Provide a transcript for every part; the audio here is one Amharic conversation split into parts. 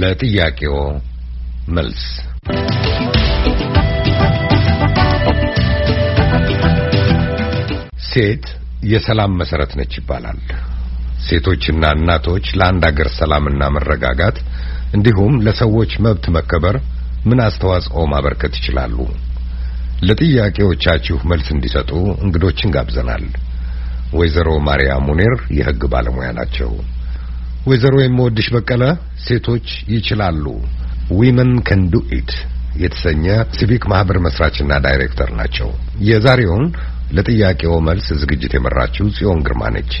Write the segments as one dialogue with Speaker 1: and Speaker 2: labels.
Speaker 1: ለጥያቄዎ መልስ ሴት የሰላም መሰረት ነች ይባላል። ሴቶችና እናቶች ለአንድ አገር ሰላምና መረጋጋት እንዲሁም ለሰዎች መብት መከበር ምን አስተዋጽኦ ማበርከት ይችላሉ? ለጥያቄዎቻችሁ መልስ እንዲሰጡ እንግዶችን ጋብዘናል። ወይዘሮ ማርያም ሙኔር የህግ ባለሙያ ናቸው። ወይዘሮ የምወድሽ በቀለ ሴቶች ይችላሉ ዊመን ከን ዱ ኢት የተሰኘ ሲቪክ ማህበር መስራችና ዳይሬክተር ናቸው። የዛሬውን ለጥያቄው መልስ ዝግጅት የመራችው ጽዮን ግርማ ነች።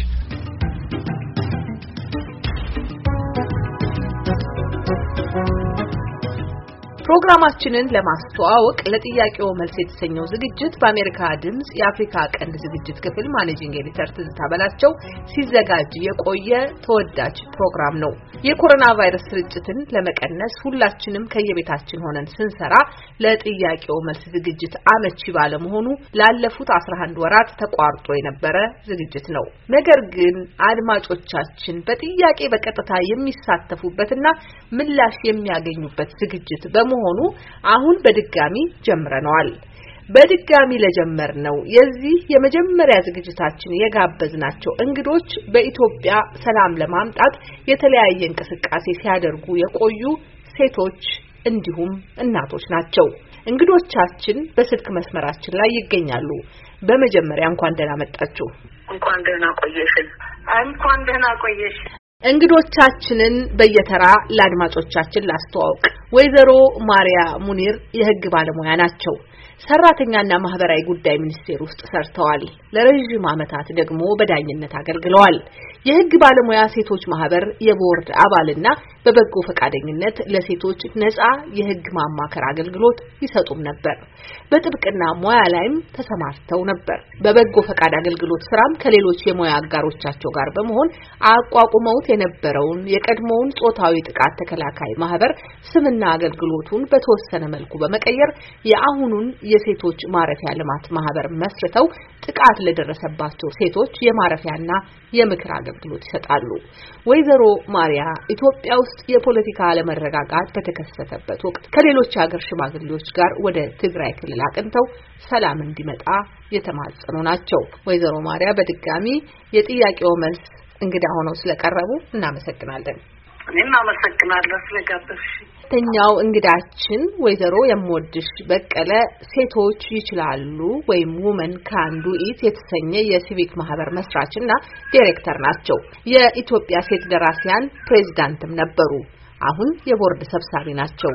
Speaker 2: ፕሮግራማችንን ለማስተዋወቅ ለጥያቄው መልስ የተሰኘው ዝግጅት በአሜሪካ ድምጽ የአፍሪካ ቀንድ ዝግጅት ክፍል ማኔጂንግ ኤዲተር ትዝታ በላቸው ሲዘጋጅ የቆየ ተወዳጅ ፕሮግራም ነው። የኮሮና ቫይረስ ስርጭትን ለመቀነስ ሁላችንም ከየቤታችን ሆነን ስንሰራ ለጥያቄው መልስ ዝግጅት አመቺ ባለመሆኑ ላለፉት 11 ወራት ተቋርጦ የነበረ ዝግጅት ነው። ነገር ግን አድማጮቻችን በጥያቄ በቀጥታ የሚሳተፉበትና ምላሽ የሚያገኙበት ዝግጅት በመሆኑ በመሆኑ አሁን በድጋሚ ጀምረነዋል። በድጋሚ ለጀመር ነው የዚህ የመጀመሪያ ዝግጅታችን የጋበዝናቸው እንግዶች በኢትዮጵያ ሰላም ለማምጣት የተለያየ እንቅስቃሴ ሲያደርጉ የቆዩ ሴቶች እንዲሁም እናቶች ናቸው። እንግዶቻችን በስልክ መስመራችን ላይ ይገኛሉ። በመጀመሪያ እንኳን ደህና መጣችሁ።
Speaker 3: እንኳን ደህና ቆየሽ። እንኳን ደህና ቆየሽ።
Speaker 2: እንግዶቻችንን በየተራ ለአድማጮቻችን ላስተዋውቅ። ወይዘሮ ማሪያ ሙኒር የህግ ባለሙያ ናቸው። ሰራተኛና ማህበራዊ ጉዳይ ሚኒስቴር ውስጥ ሰርተዋል። ለረዥም ዓመታት ደግሞ በዳኝነት አገልግለዋል። የህግ ባለሙያ ሴቶች ማህበር የቦርድ አባልና በበጎ ፈቃደኝነት ለሴቶች ነፃ የህግ ማማከር አገልግሎት ይሰጡም ነበር። በጥብቅና ሙያ ላይም ተሰማርተው ነበር። በበጎ ፈቃድ አገልግሎት ስራም ከሌሎች የሙያ አጋሮቻቸው ጋር በመሆን አቋቁመውት የነበረውን የቀድሞውን ጾታዊ ጥቃት ተከላካይ ማህበር ስምና አገልግሎቱን በተወሰነ መልኩ በመቀየር የአሁኑን የሴቶች ማረፊያ ልማት ማህበር መስርተው ጥቃት ለደረሰባቸው ሴቶች የማረፊያና የምክር አገልግሎት ይሰጣሉ። ወይዘሮ ማሪያ ኢትዮጵያ ውስጥ የፖለቲካ አለመረጋጋት በተከሰተበት ወቅት ከሌሎች ሀገር ሽማግሌዎች ጋር ወደ ትግራይ ክልል አቅንተው ሰላም እንዲመጣ የተማጸኑ ናቸው። ወይዘሮ ማሪያ በድጋሚ የጥያቄው መልስ እንግዳ ሆነው ስለቀረቡ እናመሰግናለን።
Speaker 3: እኔም አመሰግናለሁ ስለጋበዝሽ።
Speaker 2: ሁለተኛው እንግዳችን ወይዘሮ የምወድሽ በቀለ ሴቶች ይችላሉ ወይም ውመን ካንዱ ኢት የተሰኘ የሲቪክ ማህበር መስራችና ዲሬክተር ናቸው። የኢትዮጵያ ሴት ደራሲያን ፕሬዝዳንትም ነበሩ። አሁን የቦርድ ሰብሳቢ ናቸው።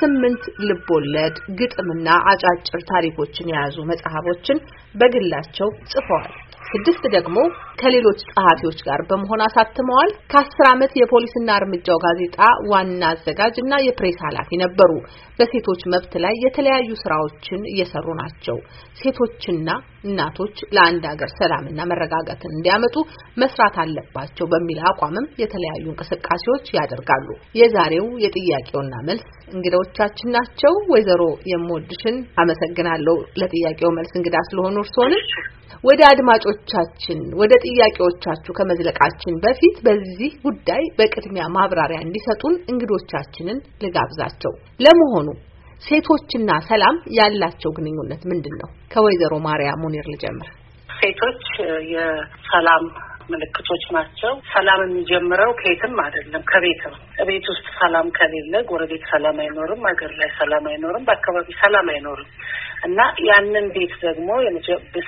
Speaker 2: ስምንት ልቦለድ ግጥምና አጫጭር ታሪኮችን የያዙ መጽሐፎችን በግላቸው ጽፈዋል። ስድስት ደግሞ ከሌሎች ጸሐፊዎች ጋር በመሆን አሳትመዋል። ከአስር ዓመት የፖሊስና እርምጃው ጋዜጣ ዋና አዘጋጅ እና የፕሬስ ኃላፊ ነበሩ። በሴቶች መብት ላይ የተለያዩ ስራዎችን እየሰሩ ናቸው። ሴቶችና እናቶች ለአንድ ሀገር ሰላምና መረጋጋትን እንዲያመጡ መስራት አለባቸው በሚል አቋምም የተለያዩ እንቅስቃሴዎች ያደርጋሉ። የዛሬው የጥያቄውና መልስ እንግዳዎቻችን ናቸው። ወይዘሮ የምወድሽን አመሰግናለሁ ለጥያቄው መልስ እንግዳ ስለሆኑ እርስዎንም ወደ አድማጮቻችን ወደ ጥያቄዎቻችሁ ከመዝለቃችን በፊት በዚህ ጉዳይ በቅድሚያ ማብራሪያ እንዲሰጡን እንግዶቻችንን ልጋብዛቸው። ለመሆኑ ሴቶችና ሰላም ያላቸው ግንኙነት ምንድን ነው? ከወይዘሮ ማርያም ሙኒር ልጀምር።
Speaker 3: ሴቶች የሰላም ምልክቶች ናቸው። ሰላም የሚጀምረው ከየትም አይደለም፣ ከቤት ነው። ቤት ውስጥ ሰላም ከሌለ ጎረቤት ሰላም አይኖርም፣ ሀገር ላይ ሰላም አይኖርም፣ በአካባቢ ሰላም አይኖርም። እና ያንን ቤት ደግሞ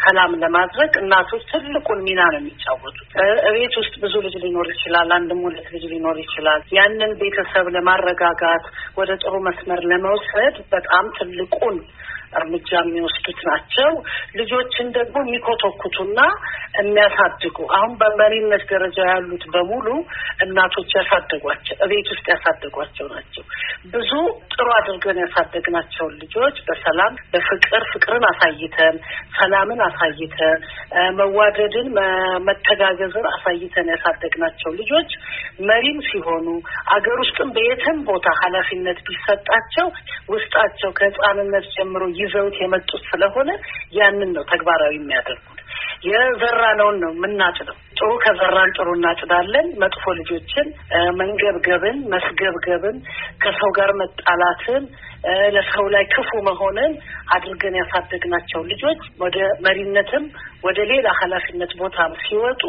Speaker 3: ሰላም ለማድረግ እናቶች ትልቁን ሚና ነው የሚጫወቱት። ቤት ውስጥ ብዙ ልጅ ሊኖር ይችላል፣ አንድም ሁለት ልጅ ሊኖር ይችላል። ያንን ቤተሰብ ለማረጋጋት ወደ ጥሩ መስመር ለመውሰድ በጣም ትልቁን እርምጃ የሚወስዱት ናቸው። ልጆችን ደግሞ የሚኮተኩቱና የሚያሳድጉ አሁን በመሪነት ደረጃ ያሉት በሙሉ እናቶች ያሳደጓቸው እቤት ውስጥ ያሳደጓቸው ናቸው። ብዙ ጥሩ አድርገን ያሳደግናቸውን ልጆች በሰላም በፍቅር ፍቅርን አሳይተን ሰላምን አሳይተን መዋደድን፣ መተጋገዝን አሳይተን ያሳደግናቸው ልጆች መሪም ሲሆኑ አገር ውስጥም በየትም ቦታ ኃላፊነት ቢሰጣቸው ውስጣቸው ከህፃንነት ጀምሮ ይዘውት የመጡት ስለሆነ ያንን ነው ተግባራዊ የሚያደርጉት። የዘራነውን ነው የምናጭደው። ጥሩ ከዘራን ጥሩ እናጭዳለን። መጥፎ ልጆችን መንገብገብን፣ መስገብገብን፣ ከሰው ጋር መጣላትን፣ ለሰው ላይ ክፉ መሆንን አድርገን ያሳደግናቸው ልጆች ወደ መሪነትም ወደ ሌላ ኃላፊነት ቦታም ሲወጡ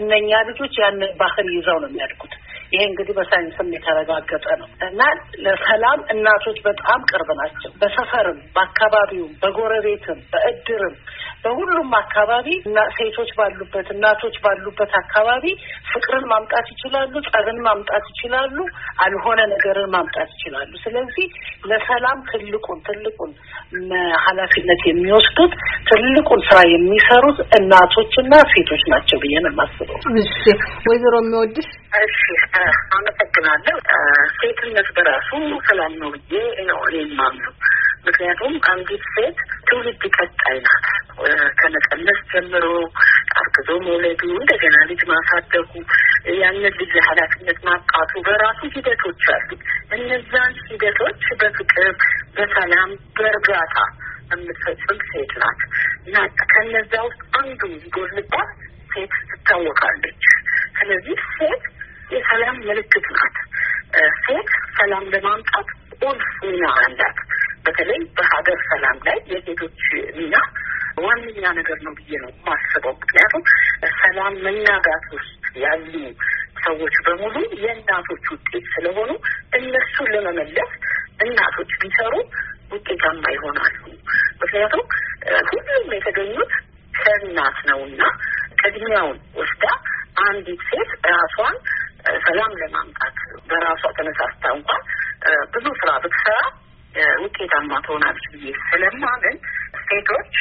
Speaker 3: እነኛ ልጆች ያንን ባህል ይዘው ነው የሚያድጉት። ይሄ እንግዲህ በሳይንስም የተረጋገጠ ነው እና ለሰላም እናቶች በጣም ቅርብ ናቸው። በሰፈርም፣ በአካባቢውም፣ በጎረቤትም፣ በእድርም በሁሉም አካባቢ ሴቶች ባሉበት እናቶች ባሉበት አካባቢ ፍቅርን ማምጣት ይችላሉ፣ ጸብን ማምጣት ይችላሉ፣ አልሆነ ነገርን ማምጣት ይችላሉ። ስለዚህ ለሰላም ትልቁን ትልቁን ኃላፊነት የሚወስዱት ትልቁን ስራ የሚሰሩት እናቶችና ሴቶች ናቸው ብዬ ነው የማስበው።
Speaker 2: ወይዘሮ የሚወድሽ
Speaker 3: እሺ አመሰግናለሁ። ሴትነት በራሱ ሰላም ነው ብዬ ነው እኔ የማምነው። ምክንያቱም አንዲት ሴት ትውልድ ቀጣይ ናት። ከመጸነስ ጀምሮ አርግዞ መውለዱ፣ እንደገና ልጅ ማሳደጉ፣ ያንን ልጅ ኃላፊነት ማቃቱ በራሱ ሂደቶች አሉ። እነዛን ሂደቶች በፍቅር በሰላም በእርጋታ የምትፈጽም ሴት ናት እና ከነዛ ውስጥ አንዱ ጎልባት ሴት ትታወቃለች። ስለዚህ ሴት የሰላም ምልክት ናት። ሴት ሰላም ለማምጣት ቁልፍ ሚና አላት። በተለይ በሀገር ሰላም ላይ የሴቶች ሚና ዋነኛ ነገር ነው ብዬ ነው የማስበው። ምክንያቱም ሰላም መናጋት ውስጥ ያሉ ሰዎች በሙሉ የእናቶች ውጤት ስለሆኑ እነሱን ለመመለስ እናቶች ቢሰሩ ውጤታማ ይሆናሉ። ምክንያቱም ሁሉም የተገኙት ከእናት ነውና ቅድሚያውን ወስዳ አንዲት ሴት ራሷን ሰላም ለማምጣት በራሷ ተነሳስታ እንኳን ብዙ ስራ ብትሰራ ውጤታማ ትሆናለች ብዬ ስለማምን ሴቶች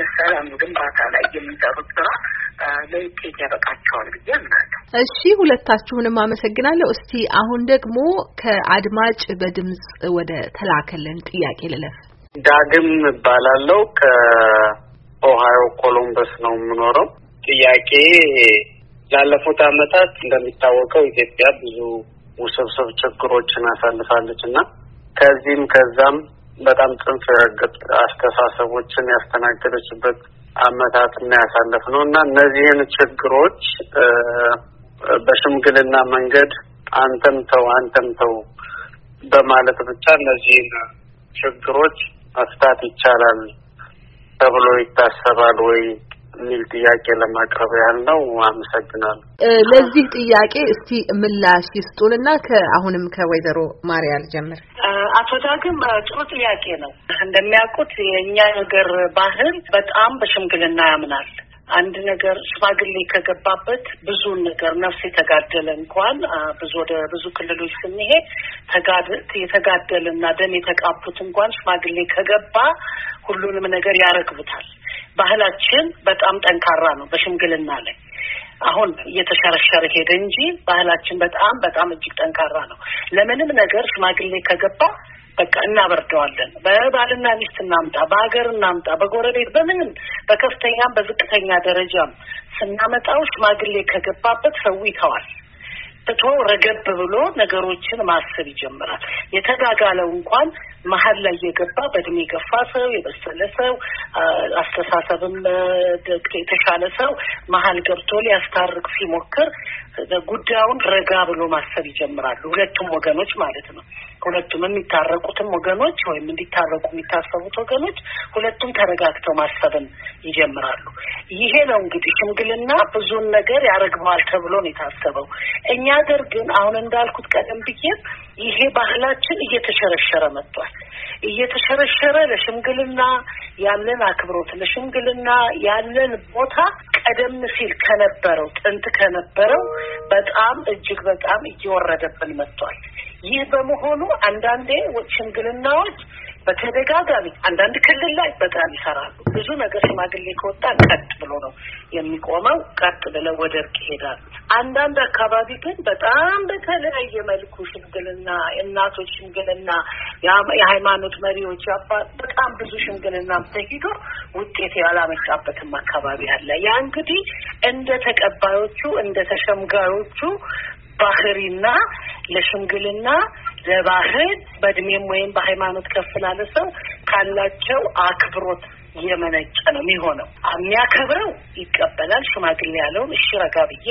Speaker 3: የሰላም ግንባታ ላይ የሚሰሩት ስራ ለውጤት ያበቃቸዋል ብዬ
Speaker 1: አምናለሁ።
Speaker 2: እሺ፣ ሁለታችሁንም አመሰግናለሁ። እስቲ አሁን ደግሞ ከአድማጭ በድምጽ ወደ ተላከልን ጥያቄ ልለፍ።
Speaker 1: ዳግም እባላለሁ። ከኦሃዮ ኮሎምበስ ነው የምኖረው። ጥያቄ ላለፉት አመታት እንደሚታወቀው ኢትዮጵያ ብዙ ውስብስብ ችግሮችን አሳልፋለች እና ከዚህም ከዛም በጣም ጥንፍ ረግጥ አስተሳሰቦችን ያስተናገደችበት አመታት እና ያሳለፍ ነው እና እነዚህን ችግሮች በሽምግልና መንገድ አንተም ተው አንተም ተው በማለት ብቻ እነዚህን ችግሮች መፍታት ይቻላል ተብሎ ይታሰባል ወይ የሚል ጥያቄ ለማቅረብ ያለው አመሰግናለሁ።
Speaker 2: ለዚህ ጥያቄ እስቲ ምላሽ ይስጡንና ከአሁንም ከወይዘሮ ማርያል ልጀምር።
Speaker 3: አቶ ዳግም ጥሩ ጥያቄ ነው። እንደሚያውቁት የእኛ ነገር ባህል በጣም በሽምግልና ያምናል። አንድ ነገር ሽማግሌ ከገባበት ብዙን ነገር ነፍስ የተጋደለ እንኳን ብዙ ወደ ብዙ ክልሎች ስንሄድ የተጋደለ እና ደም የተቃቡት እንኳን ሽማግሌ ከገባ ሁሉንም ነገር ያረግቡታል። ባህላችን በጣም ጠንካራ ነው በሽምግልና ላይ አሁን እየተሸረሸረ ሄደ እንጂ ባህላችን በጣም በጣም እጅግ ጠንካራ ነው። ለምንም ነገር ሽማግሌ ከገባ በቃ እናበርደዋለን። በባልና ሚስት እናምጣ፣ በሀገር እናምጣ፣ በጎረቤት በምንም በከፍተኛም በዝቅተኛ ደረጃም ስናመጣው ሽማግሌ ከገባበት ሰው ይተዋል። ትቶ ረገብ ብሎ ነገሮችን ማሰብ ይጀምራል። የተጋጋለው እንኳን መሀል ላይ የገባ በእድሜ የገፋ ሰው፣ የበሰለ ሰው፣ አስተሳሰብም የተሻለ ሰው መሀል ገብቶ ሊያስታርቅ ሲሞክር ጉዳዩን ረጋ ብሎ ማሰብ ይጀምራሉ። ሁለቱም ወገኖች ማለት ነው። ሁለቱም የሚታረቁትም ወገኖች ወይም እንዲታረቁ የሚታሰቡት ወገኖች ሁለቱም ተረጋግተው ማሰብን ይጀምራሉ። ይሄ ነው እንግዲህ ሽምግልና ብዙን ነገር ያረግበዋል ተብሎ ነው የታሰበው። እኛ ሀገር ግን አሁን እንዳልኩት ቀደም ብዬ ይሄ ባህላችን እየተሸረሸረ መጥቷል። እየተሸረሸረ ለሽምግልና ያለን አክብሮት ለሽምግልና ያለን ቦታ ቀደም ሲል ከነበረው ጥንት ከነበረው በጣም እጅግ በጣም እየወረደብን መጥቷል። ይህ በመሆኑ አንዳንዴ ሽምግልናዎች በተደጋጋሚ አንዳንድ ክልል ላይ በጣም ይሰራሉ። ብዙ ነገር ሽማግሌ ከወጣ ቀጥ ብሎ ነው የሚቆመው። ቀጥ ብለው ወደ እርቅ ይሄዳሉ። አንዳንድ አካባቢ ግን በጣም በተለያየ መልኩ ሽምግልና፣ እናቶች ሽምግልና፣ የሃይማኖት መሪዎች ያባ በጣም ብዙ ሽምግልና ተሂዶ ውጤት ያላመጣበትም አካባቢ አለ። ያ እንግዲህ እንደ ተቀባዮቹ እንደ ተሸምጋዮቹ ባህሪና ለሽምግልና ለባህል በእድሜም ወይም በሃይማኖት ከፍ ላለ ሰው ካላቸው አክብሮት የመነጨ ነው የሚሆነው። የሚያከብረው ይቀበላል። ሽማግሌ ያለውን እሺ ረጋ ብዬ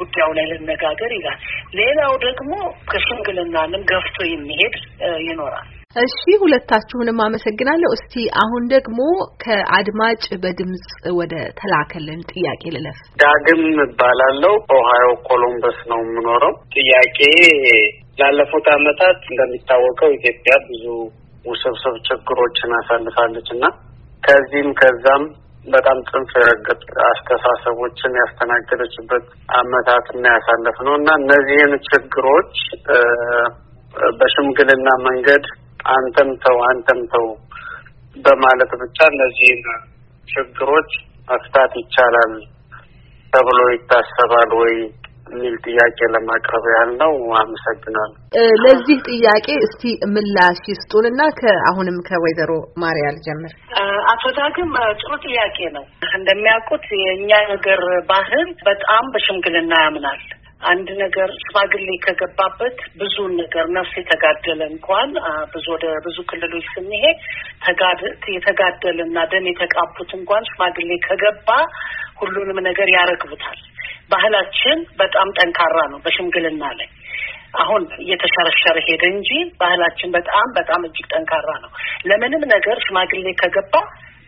Speaker 3: ጉዳዩ ላይ ልነጋገር ይላል። ሌላው ደግሞ ከሽምግልናንም ገፍቶ የሚሄድ ይኖራል።
Speaker 2: እሺ ሁለታችሁንም አመሰግናለሁ። እስቲ አሁን ደግሞ ከአድማጭ በድምጽ ወደ ተላከልን ጥያቄ ልለፍ።
Speaker 1: ዳግም እባላለሁ። ኦሃዮ ኮሎምበስ ነው የምኖረው። ጥያቄ ላለፉት አመታት እንደሚታወቀው ኢትዮጵያ ብዙ ውስብስብ ችግሮችን አሳልፋለች እና ከዚህም ከዛም በጣም ጽንፍ የረገጥ አስተሳሰቦችን ያስተናገደችበት አመታት እና ያሳለፍ ነው እና እነዚህን ችግሮች በሽምግልና መንገድ አንተም ተው አንተም ተው በማለት ብቻ እነዚህን ችግሮች መፍታት ይቻላል ተብሎ ይታሰባል ወይ የሚል ጥያቄ ለማቅረብ ያህል ነው። አመሰግናለሁ።
Speaker 2: ለዚህ ጥያቄ እስቲ ምላሽ ይስጡንና ከአሁንም ከወይዘሮ ማርያል ጀምር።
Speaker 3: አቶ ዳግም ጥሩ ጥያቄ ነው። እንደሚያውቁት የእኛ ነገር ባህል በጣም በሽምግልና ያምናል። አንድ ነገር ሽማግሌ ከገባበት ብዙን ነገር ነፍስ የተጋደለ እንኳን ብዙ ወደ ብዙ ክልሎች ስንሄድ የተጋደለ እና ደም የተቃቡት እንኳን ሽማግሌ ከገባ ሁሉንም ነገር ያረግቡታል። ባህላችን በጣም ጠንካራ ነው በሽምግልና ላይ አሁን እየተሸረሸረ ሄደ እንጂ ባህላችን በጣም በጣም እጅግ ጠንካራ ነው። ለምንም ነገር ሽማግሌ ከገባ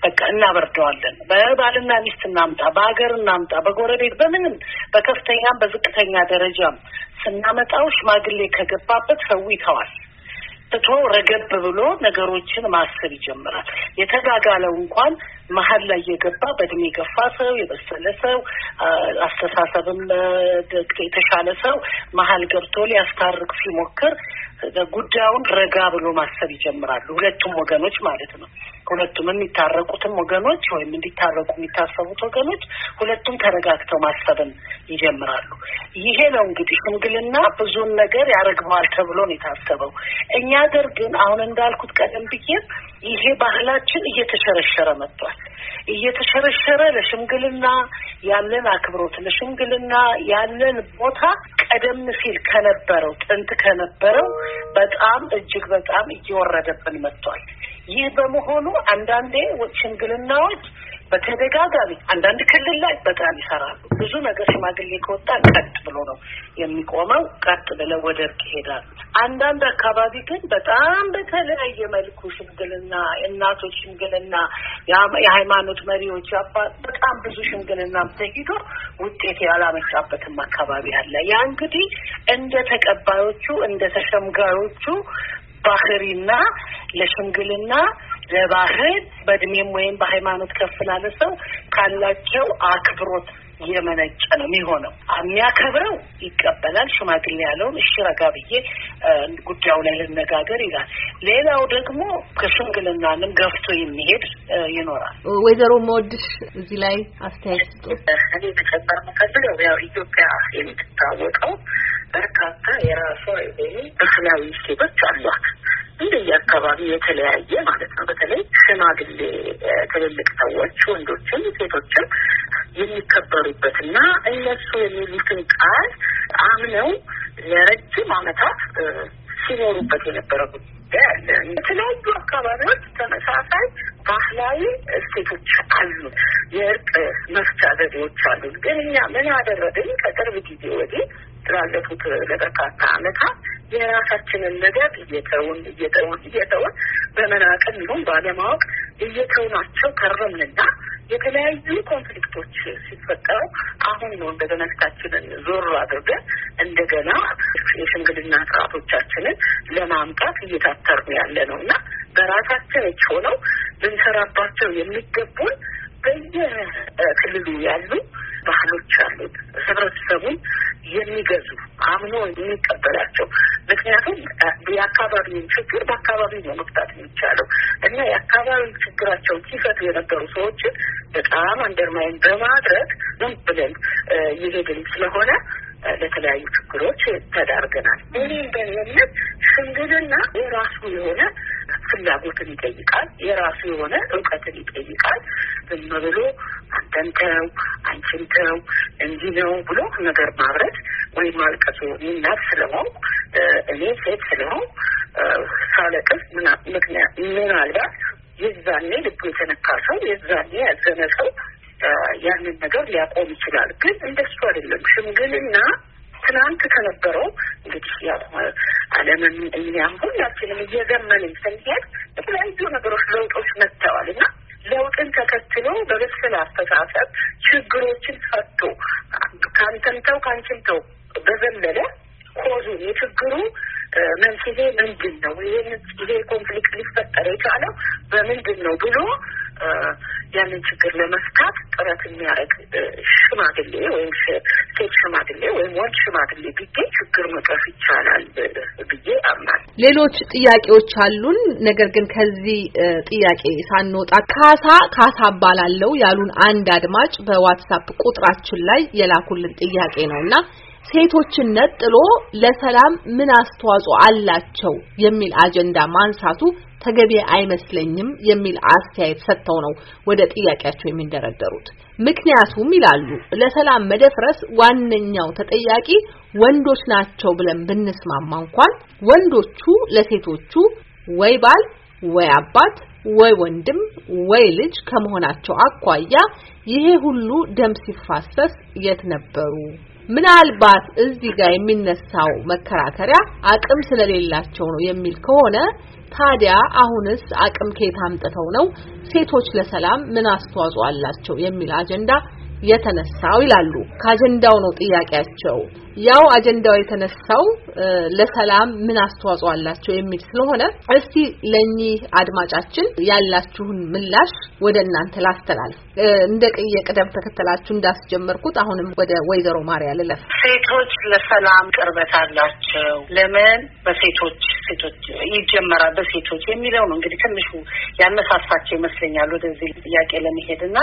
Speaker 3: በቃ እናበርደዋለን። በባልና ሚስት እናምጣ፣ በሀገር እናምጣ፣ በጎረቤት በምንም በከፍተኛም በዝቅተኛ ደረጃም ስናመጣው ሽማግሌ ከገባበት ሰው ይተዋል። ትቶ ረገብ ብሎ ነገሮችን ማሰብ ይጀምራል። የተጋጋለው እንኳን መሀል ላይ የገባ በእድሜ የገፋ ሰው፣ የበሰለ ሰው፣ አስተሳሰብም የተሻለ ሰው መሀል ገብቶ ሊያስታርቅ ሲሞክር ጉዳዩን ረጋ ብሎ ማሰብ ይጀምራሉ። ሁለቱም ወገኖች ማለት ነው። ሁለቱም የሚታረቁትም ወገኖች ወይም እንዲታረቁ የሚታሰቡት ወገኖች ሁለቱም ተረጋግተው ማሰብን ይጀምራሉ። ይሄ ነው እንግዲህ ሽምግልና ብዙን ነገር ያረግባል ተብሎ ነው የታሰበው። እኛ ሀገር ግን አሁን እንዳልኩት ቀደም ብዬ ይሄ ባህላችን እየተሸረሸረ መጥቷል። እየተሸረሸረ ለሽምግልና ያለን አክብሮት ለሽምግልና ያለን ቦታ ቀደም ሲል ከነበረው ጥንት ከነበረው በጣም እጅግ በጣም እየወረደብን መጥቷል። ይህ በመሆኑ አንዳንዴ ሽምግልናዎች በተደጋጋሚ አንዳንድ ክልል ላይ በጣም ይሰራሉ። ብዙ ነገር ሽማግሌ ከወጣ ቀጥ ብሎ ነው የሚቆመው። ቀጥ ብለው ወደ እርቅ ይሄዳሉ። አንዳንድ አካባቢ ግን በጣም በተለያየ መልኩ ሽምግልና፣ እናቶች ሽምግልና፣ የሃይማኖት መሪዎች በጣም ብዙ ሽምግልና ተሂዶ ውጤት ያላመጣበትም አካባቢ አለ። ያ እንግዲህ እንደ ተቀባዮቹ እንደ ተሸምጋዮቹ ባህሪና ለሽምግልና ለባህል በእድሜም ወይም በሃይማኖት ከፍ ላለ ሰው ካላቸው አክብሮት የመነጨ ነው የሚሆነው። የሚያከብረው ይቀበላል። ሽማግሌ ያለውን እሺ፣ ረጋ ብዬ ጉዳዩ ላይ ልነጋገር ይላል። ሌላው ደግሞ ከሽምግልናንም ገፍቶ የሚሄድ ይኖራል።
Speaker 2: ወይዘሮ መወድሽ እዚህ ላይ አስተያየት ስጡ።
Speaker 3: እኔ መጨመር መፈልገው ያው ኢትዮጵያ የምትታወቀው በርካታ የራሷ የሆኑ ባህላዊ እሴቶች አሏት እንደየ አካባቢ የተለያየ ማለት ነው። በተለይ ሽማግሌ ትልልቅ ሰዎች ወንዶችም ሴቶችም የሚከበሩበት እና እነሱ የሚሉትን ቃል አምነው ለረጅም ዓመታት ሲኖሩበት የነበረ ጉዳይ አለ። የተለያዩ አካባቢዎች ተመሳሳይ ባህላዊ እሴቶች አሉ፣ የእርቅ መፍቻ ዘዴዎች አሉ። ግን እኛ ምን አደረግን? ከቅርብ ጊዜ ወዲህ ስላለፉት ለበርካታ ዓመታት የራሳችንን ነገር እየተውን እየተውን እየተውን በመናቅም ይሁን ባለማወቅ እየተውናቸው ከረምንና የተለያዩ ኮንፍሊክቶች ሲፈጠሩ አሁን ነው እንደገና ፊታችንን ዞር አድርገን እንደገና የሽምግልና ስርዓቶቻችንን ለማምጣት እየታተርን ያለ ነው እና በራሳችን እጅ ሆነው ልንሰራባቸው የሚገቡን በየክልሉ ያሉ ባህሎች አሉት ህብረተሰቡን የሚገዙ አምኖ የሚቀበላቸው ምክንያቱም የአካባቢውን ችግር በአካባቢ ነው መፍታት የሚቻለው እና የአካባቢ ችግራቸውን ሲፈቱ የነበሩ ሰዎችን በጣም አንደርማይን በማድረግ ምን ብለን ይሄድን ስለሆነ ለተለያዩ ችግሮች ተዳርገናል። እኔም በእምነት ሽምግልና የራሱ የሆነ ፍላጎትን ይጠይቃል። የራሱ የሆነ እውቀትን ይጠይቃል። ዝም ብሎ አንተንተው አንችንተው እንዲህ ነው ብሎ ነገር ማብረት ወይም ማልቀሱ ይናት ስለሆንኩ እኔ ሴት ስለሆንኩ ሳለቅስ ምክንያት ምናልባት የዛኔ ልቡ የተነካ ሰው የዛኔ ያዘነ ሰው ያንን ነገር ሊያቆም ይችላል። ግን እንደሱ አይደለም። ሽምግልና ትናንት ከነበረው እንግዲህ ያው ዓለምን እኛም ሁላችንም እየዘመንን ስንሄድ የተለያዩ ነገሮች ለውጦች መጥተዋል እና ለውጥን ተከትሎ በበሰለ አስተሳሰብ ችግሮችን ፈቶ ከአንተን ተው ከአንቺን ተው በዘለለ ኮዙን የችግሩ መንስኤ ምንድን ነው? ይሄ ኮንፍሊክት ሊፈጠር የቻለው በምንድን ነው ብሎ ያንን ችግር ለመፍታት ጥረት የሚያደርግ ሽማግሌ ወይም ሴት ሽማግሌ ወይም ወንድ ሽማግሌ ቢገኝ ችግር መቅረፍ ይቻላል ብዬ አምናለሁ።
Speaker 2: ሌሎች ጥያቄዎች አሉን። ነገር ግን ከዚህ ጥያቄ ሳንወጣ ካሳ ካሳ እባላለሁ ያሉን አንድ አድማጭ በዋትሳፕ ቁጥራችን ላይ የላኩልን ጥያቄ ነው እና ሴቶችን ጥሎ ለሰላም ምን አስተዋጽኦ አላቸው የሚል አጀንዳ ማንሳቱ ተገቢ አይመስለኝም የሚል አስተያየት ሰጥተው ነው ወደ ጥያቄያቸው የሚንደረደሩት። ምክንያቱም ይላሉ ለሰላም መደፍረስ ዋነኛው ተጠያቂ ወንዶች ናቸው ብለን ብንስማማ እንኳን ወንዶቹ ለሴቶቹ ወይ ባል ወይ አባት ወይ ወንድም ወይ ልጅ ከመሆናቸው አኳያ ይሄ ሁሉ ደም ሲፋሰስ የት ነበሩ? ምናልባት እዚህ ጋር የሚነሳው መከራከሪያ አቅም ስለሌላቸው ነው የሚል ከሆነ ታዲያ አሁንስ አቅም ከየት አምጥተው ነው ሴቶች ለሰላም ምን አስተዋጽኦ አላቸው የሚል አጀንዳ የተነሳው ይላሉ። ከአጀንዳው ነው ጥያቄያቸው። ያው አጀንዳው የተነሳው ለሰላም ምን አስተዋጽኦ አላቸው የሚል ስለሆነ እስቲ ለእኚህ አድማጫችን ያላችሁን ምላሽ ወደ እናንተ ላስተላል እንደ ቅየ ቅደም ተከተላችሁ እንዳስጀመርኩት አሁንም ወደ ወይዘሮ ማርያ ልለፍ።
Speaker 3: ሴቶች ለሰላም ቅርበት አላቸው። ለምን በሴቶች ሴቶች ይጀመራል በሴቶች የሚለው ነው እንግዲህ ትንሹ ያነሳሳቸው ይመስለኛል ወደዚህ ጥያቄ ለመሄድ እና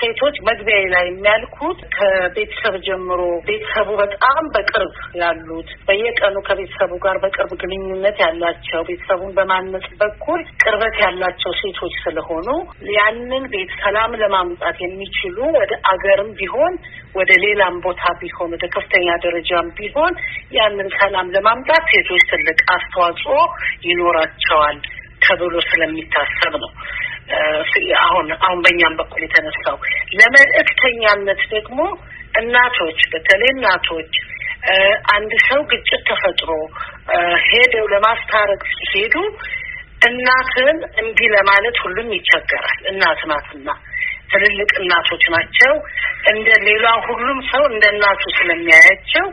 Speaker 3: ሴቶች መግቢያ ላይ የሚያልኩት ከቤተሰብ ጀምሮ ቤተሰቡ በጣም በጣም በቅርብ ያሉት በየቀኑ ከቤተሰቡ ጋር በቅርብ ግንኙነት ያላቸው ቤተሰቡን በማነጽ በኩል ቅርበት ያላቸው ሴቶች ስለሆኑ ያንን ቤት ሰላም ለማምጣት የሚችሉ ወደ አገርም ቢሆን ወደ ሌላም ቦታ ቢሆን ወደ ከፍተኛ ደረጃም ቢሆን ያንን ሰላም ለማምጣት ሴቶች ትልቅ አስተዋጽኦ ይኖራቸዋል ተብሎ ስለሚታሰብ ነው። አሁን አሁን በእኛም በኩል የተነሳው ለመልእክተኛነት ደግሞ እናቶች በተለይ እናቶች አንድ ሰው ግጭት ተፈጥሮ ሄደው ለማስታረቅ ሲሄዱ እናትን እምቢ ለማለት ሁሉም ይቸገራል። እናት ናትና ትልልቅ እናቶች ናቸው። እንደ ሌላ ሁሉም ሰው እንደ እናቱ ስለሚያያቸው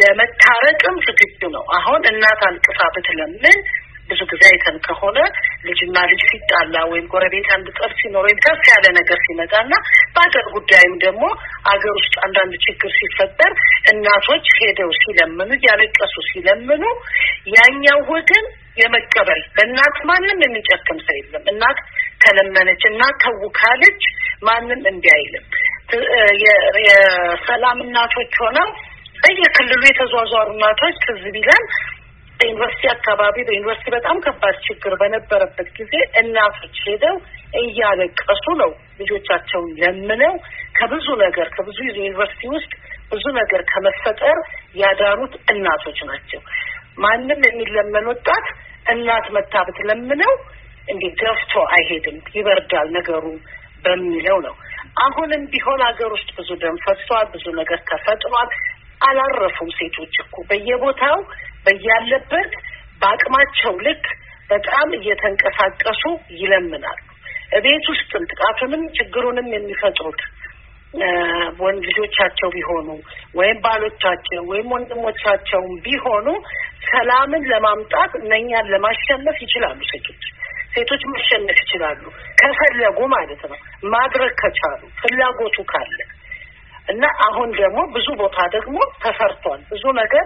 Speaker 3: ለመታረቅም ዝግጁ ነው። አሁን እናት አልቅሳ ብትለምን ብዙ ጊዜ አይተን ከሆነ ልጅና ልጅ ሲጣላ ወይም ጎረቤት አንድ ጠብ ሲኖር ወይም ከፍ ያለ ነገር ሲመጣና በአገር ጉዳይም ደግሞ አገር ውስጥ አንዳንድ ችግር ሲፈጠር እናቶች ሄደው ሲለምኑ ያለቀሱ ሲለምኑ ያኛው ወገን የመቀበል በእናት ማንም የሚጨክም ሰው የለም። እናት ከለመነች እና ተው ማንም እንዲ አይልም። የሰላም እናቶች ሆነው በየክልሉ የተዟዟሩ እናቶች ትዝ ቢለን በዩኒቨርሲቲ አካባቢ በዩኒቨርሲቲ በጣም ከባድ ችግር በነበረበት ጊዜ እናቶች ሄደው እያለቀሱ ነው ልጆቻቸውን ለምነው ከብዙ ነገር ከብዙ ዩኒቨርሲቲ ውስጥ ብዙ ነገር ከመፈጠር ያዳኑት እናቶች ናቸው። ማንም የሚለመን ወጣት እናት መታ ብትለምነው እንዲህ ገፍቶ አይሄድም፣ ይበርዳል ነገሩ በሚለው ነው። አሁንም ቢሆን ሀገር ውስጥ ብዙ ደም ፈሷል፣ ብዙ ነገር ተፈጥሯል። አላረፉም። ሴቶች እኮ በየቦታው በያለበት በአቅማቸው ልክ በጣም እየተንቀሳቀሱ ይለምናሉ። እቤት ውስጥም ጥቃቱንም ችግሩንም የሚፈጥሩት ወንድ ልጆቻቸው ቢሆኑ ወይም ባሎቻቸው ወይም ወንድሞቻቸውም ቢሆኑ ሰላምን ለማምጣት እነኛን ለማሸነፍ ይችላሉ። ሴቶች ሴቶች ማሸነፍ ይችላሉ፣ ከፈለጉ ማለት ነው። ማድረግ ከቻሉ ፍላጎቱ ካለ እና አሁን ደግሞ ብዙ ቦታ ደግሞ ተሰርቷል። ብዙ ነገር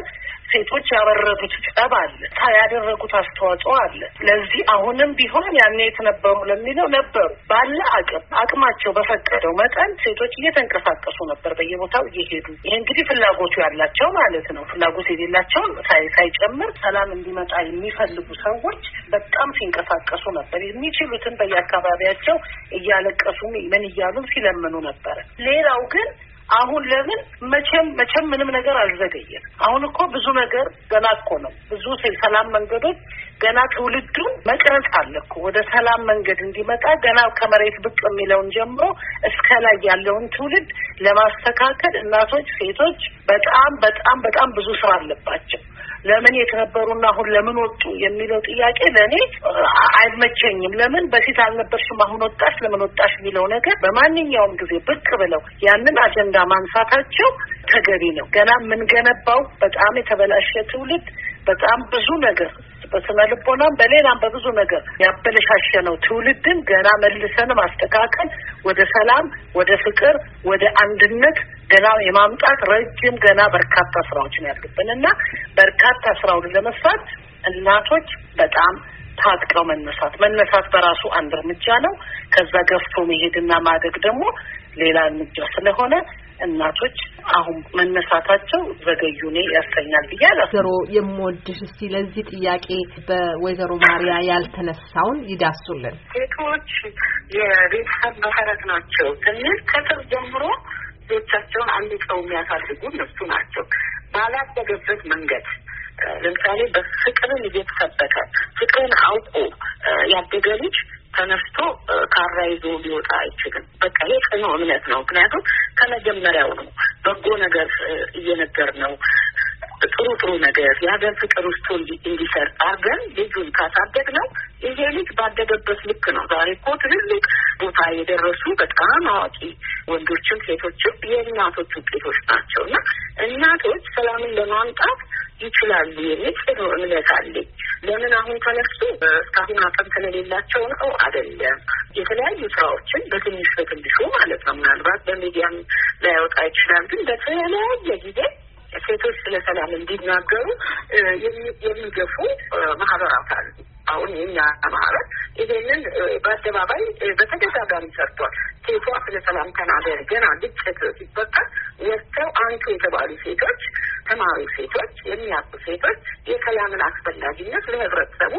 Speaker 3: ሴቶች ያበረዱት ጠብ አለ፣ ያደረጉት አስተዋጽኦ አለ። ለዚህ አሁንም ቢሆን ያኔ የት ነበሩ ለሚለው ነበሩ። ባለ አቅም አቅማቸው በፈቀደው መጠን ሴቶች እየተንቀሳቀሱ ነበር፣ በየቦታው እየሄዱ ይህ እንግዲህ ፍላጎቱ ያላቸው ማለት ነው። ፍላጎት የሌላቸውን ሳይጨምር ሰላም እንዲመጣ የሚፈልጉ ሰዎች በጣም ሲንቀሳቀሱ ነበር። የሚችሉትን በየአካባቢያቸው እያለቀሱ ምን እያሉም ሲለምኑ ነበረ። ሌላው ግን አሁን ለምን መቼም መቼም ምንም ነገር አልዘገየም። አሁን እኮ ብዙ ነገር ገና እኮ ነው ብዙ ሰላም መንገዶች ገና ትውልዱ መቅረጽ አለ እኮ ወደ ሰላም መንገድ እንዲመጣ ገና ከመሬት ብቅ የሚለውን ጀምሮ እስከ ላይ ያለውን ትውልድ ለማስተካከል እናቶች፣ ሴቶች በጣም በጣም በጣም ብዙ ስራ አለባቸው። ለምን የተነበሩና አሁን ለምን ወጡ የሚለው ጥያቄ ለእኔ አይመቸኝም። ለምን በፊት አልነበርሽም አሁን ወጣሽ ለምን ወጣሽ የሚለው ነገር በማንኛውም ጊዜ ብቅ ብለው ያንን አጀንዳ ማንሳታቸው ተገቢ ነው። ገና የምንገነባው በጣም የተበላሸ ትውልድ በጣም ብዙ ነገር በስነ ልቦናም በሌላም በብዙ ነገር ነው። ትውልድን ገና መልሰን ማስተካከል ወደ ሰላም፣ ወደ ፍቅር፣ ወደ አንድነት ገና የማምጣት ረጅም ገና በርካታ ስራዎች ነው ያሉብን እና በርካታ ስራውን ለመስራት እናቶች በጣም ታጥቀው መነሳት መነሳት በራሱ አንድ እርምጃ ነው። ከዛ ገፍቶ መሄድና ማደግ ደግሞ ሌላ እርምጃ ስለሆነ እናቶች አሁን መነሳታቸው ዘገዩ። እኔ ያሰኛል ብያለሁ።
Speaker 2: ወይዘሮ የምወድሽ እስቲ ለዚህ ጥያቄ በወይዘሮ ማሪያ ያልተነሳውን ይዳሱልን።
Speaker 3: ሴቶች የቤተሰብ መሰረት ናቸው ስንል ከስር ጀምሮ ልጆቻቸውን ሰው የሚያሳድጉ እነሱ ናቸው። ባላደገበት መንገድ ለምሳሌ በፍቅርን እየተሰበከ ፍቅርን አውቆ ያደገ ልጅ ተነስቶ ካራ ይዞ ሊወጣ አይችልም። በቃ ይሄ ጽኑ እምነት ነው። ምክንያቱም ከመጀመሪያው ነው በጎ ነገር እየነገር ነው ጥሩ ጥሩ ነገር የሀገር ፍቅር ውስጡ እንዲሰር አርገን ልጁን ካሳደግ ነው ይሄ ልጅ ባደገበት ልክ ነው። ዛሬ እኮ ትልልቅ ቦታ የደረሱ በጣም አዋቂ ወንዶችም ሴቶችም የእናቶች ውጤቶች ናቸው እና እናቶች ሰላምን ለማምጣት ይችላሉ የሚል ጽኑ እምነት አለኝ። ለምን አሁን ተነሱ? እስካሁን አቅም ስለሌላቸው ነው አይደለም። የተለያዩ ስራዎችን በትንሽ በትንሹ ማለት ነው። ምናልባት በሚዲያም ላያወጣ ይችላል። ግን በተለያየ ጊዜ ሴቶች ስለ ሰላም እንዲናገሩ የሚገፉ ማህበራት አሉ። አሁን የኛ ማህበር ይሄንን በአደባባይ በተደጋጋሚ ሰርቷል። ሴቷ ስለ ሰላም ተናገር ገና ግጭት ሲፈጠር ወጥተው አንቱ የተባሉ ሴቶች፣ ተማሪ ሴቶች፣ የሚያውቁ ሴቶች የሰላምን አስፈላጊነት ለህብረተሰቡ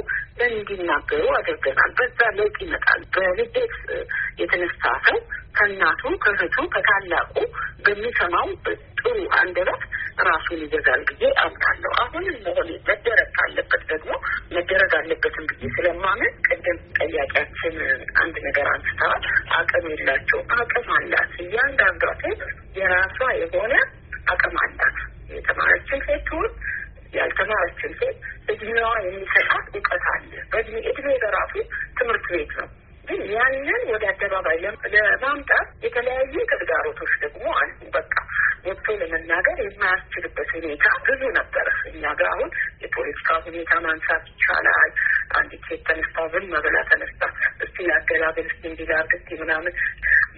Speaker 3: እንዲናገሩ አድርገናል። በዛ ለውጥ ይመጣል። በልደት የተነሳ ሰው ከእናቱ ከእህቱ ከታላቁ በሚሰማው ጥሩ አንደበት ራሱን ይገዛል ብዬ አምናለሁ። አሁንም መሆን መደረግ ካለበት ደግሞ መደረግ አለበትም ብዬ ስለማመን ቅድም ጠያቂያችን አንድ ነገር አንስተዋል። አቅም የላቸው አቅም አላት። እያንዳንዷ ሴት የራሷ የሆነ አቅም አላት። የተማረችን ሴት ትሁን ያልተማረችን ሴት እድሜዋ የሚሰጣት እውቀት አለ። በእድሜ በራሱ ትምህርት ቤት ነው ግን ያንን ወደ አደባባይ ለማምጣት የተለያዩ ተግዳሮቶች ደግሞ አሉ። በቃ ወጥቶ ለመናገር የማያስችልበት ሁኔታ ብዙ ነበረ። እኛ ጋር አሁን የፖለቲካ ሁኔታ ማንሳት ይቻላል። አንዲት ሴት ተነስታ ብን ብላ ተነስታ እስቲ ላገላገል፣ እስቲ እንዲላርግ፣ እስቲ ምናምን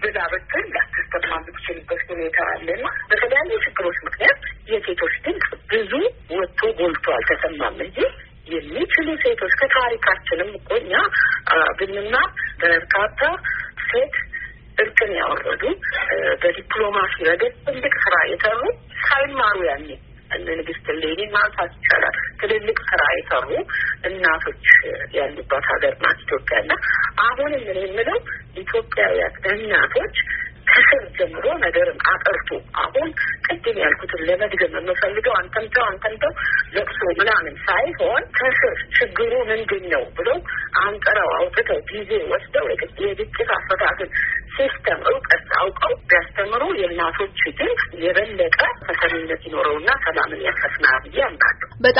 Speaker 3: ብላ ብትል ላትሰማ ምትችልበት ሁኔታ አለና በተለያዩ ችግሮች ምክንያት የሴቶች ድምፅ ብዙ ወጥቶ ጎልቶ አልተሰማም እንጂ የሚችሉ ሴቶች ከታሪካችንም እኮ እኛ ብንና በርካታ ሴት እርቅን ያወረዱ በዲፕሎማሲ ረገድ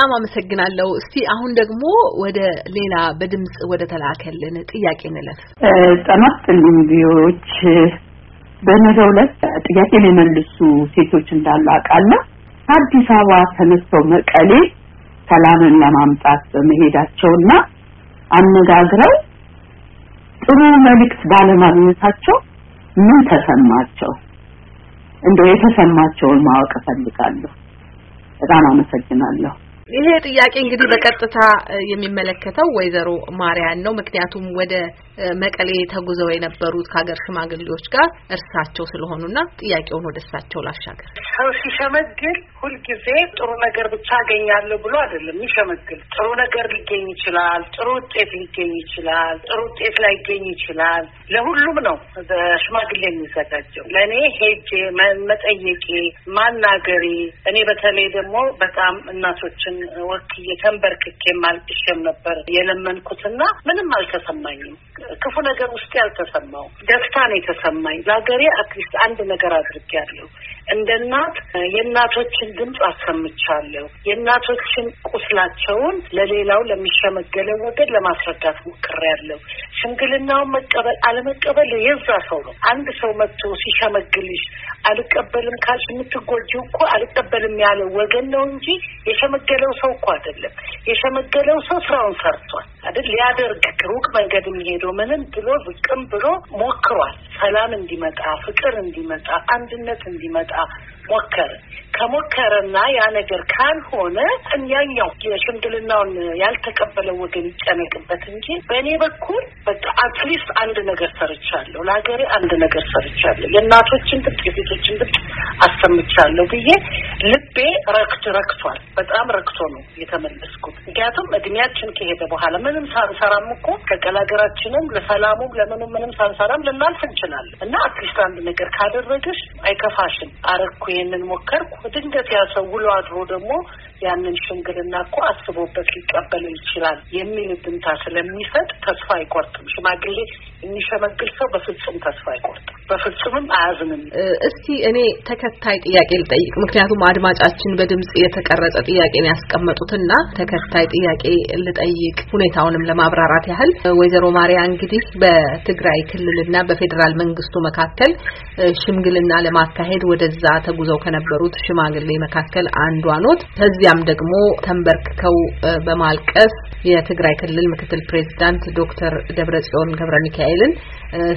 Speaker 2: በጣም አመሰግናለሁ። እስቲ አሁን ደግሞ ወደ ሌላ በድምጽ ወደ ተላከልን ጥያቄ እንለፍ።
Speaker 3: ጠናት ይስጥልኝ በነገው ዕለት ጥያቄ ሊመልሱ ሴቶች እንዳሉ አውቃለሁ። አዲስ አበባ ተነስተው መቀሌ ሰላምን ለማምጣት በመሄዳቸውና አነጋግረው ጥሩ መልእክት ባለማግኘታቸው ምን ተሰማቸው? እንደው የተሰማቸውን ማወቅ እፈልጋለሁ። በጣም አመሰግናለሁ።
Speaker 2: ይሄ ጥያቄ እንግዲህ በቀጥታ የሚመለከተው ወይዘሮ ማርያን ነው። ምክንያቱም ወደ መቀሌ ተጉዘው የነበሩት ከሀገር ሽማግሌዎች ጋር እርሳቸው ስለሆኑና ጥያቄውን ወደ እሳቸው ላሻገር።
Speaker 3: ሰው ሲሸመግል ሁልጊዜ ጥሩ ነገር ብቻ አገኛለሁ ብሎ አይደለም ይሸመግል። ጥሩ ነገር ሊገኝ ይችላል፣ ጥሩ ውጤት ሊገኝ ይችላል፣ ጥሩ ውጤት ላይገኝ ይችላል። ለሁሉም ነው በሽማግሌ የሚዘጋጀው። ለእኔ ሄጄ መጠየቄ፣ ማናገሬ እኔ በተለይ ደግሞ በጣም እናቶችን ወክዬ ተንበርክኬ አልቅሼም ነበር የለመንኩትና ምንም አልተሰማኝም። ክፉ ነገር ውስጥ ያልተሰማው ደስታ ነው የተሰማኝ። ለሀገሬ አትሊስት አንድ ነገር አድርጌያለሁ። እንደ እናት የእናቶችን ድምፅ አሰምቻለሁ። የእናቶችን ቁስላቸውን ለሌላው ለሚሸመገለው ወገን ለማስረዳት ሞክሬያለሁ። ሽምግልናውን መቀበል አለመቀበል የዛ ሰው ነው። አንድ ሰው መጥቶ ሲሸመግልሽ አልቀበልም ካልሽ የምትጎጂው እኮ አልቀበልም ያለው ወገን ነው እንጂ የሸመገለው ሰው እኮ አይደለም። የሸመገለው ሰው ስራውን ሰርቷል አይደል? ሊያደርግ ሩቅ መንገድ የሚሄደው ምንም ብሎ ዝቅም ብሎ ሞክሯል። ሰላም እንዲመጣ፣ ፍቅር እንዲመጣ፣ አንድነት እንዲመጣ ሊያመጣ ሞከረ። ከሞከረና ያ ነገር ካልሆነ እኛኛው የሽምግልናውን ያልተቀበለ ወገን ይጨነቅበት እንጂ በእኔ በኩል በቃ አትሊስት አንድ ነገር ሰርቻለሁ፣ ለሀገሬ አንድ ነገር ሰርቻለሁ፣ የእናቶችን ድምፅ የሴቶችን ድምፅ አሰምቻለሁ ብዬ ልቤ ረክት ረክቷል። በጣም ረክቶ ነው የተመለስኩት። ምክንያቱም እድሜያችን ከሄደ በኋላ ምንም ሳንሰራም እኮ ከቀላገራችንም ለሰላሙም ለምኑም ምንም ሳንሰራም ልናልፍ እንችላለን እና አትሊስት አንድ ነገር ካደረግሽ አይከፋሽም አረግኩ ይህንን ሞከርኩ። ድንገት ያ ሰው ውሎ አድሮ ደግሞ ያንን ሽምግልና እኮ አስቦበት ሊቀበለው ይችላል የሚል ድምታ ስለሚሰጥ ተስፋ አይቆርጥም። ሽማግሌ የሚሸመግል ሰው በፍጹም ተስፋ አይቆርጥም፣ በፍጹምም አያዝንም።
Speaker 2: እስቲ እኔ ተከታይ ጥያቄ ልጠይቅ፣ ምክንያቱም አድማጫችን በድምጽ የተቀረጸ ጥያቄን ያስቀመጡትና ተከታይ ጥያቄ ልጠይቅ፣ ሁኔታውንም ለማብራራት ያህል ወይዘሮ ማሪያ እንግዲህ በትግራይ ክልልና በፌዴራል መንግስቱ መካከል ሽምግልና ለማካሄድ ወደ ወደዛ ተጉዘው ከነበሩት ሽማግሌ መካከል አንዷ ኖት። ከዚያም ደግሞ ተንበርክከው በማልቀስ የትግራይ ክልል ምክትል ፕሬዚዳንት ዶክተር ደብረጽዮን ገብረ ሚካኤልን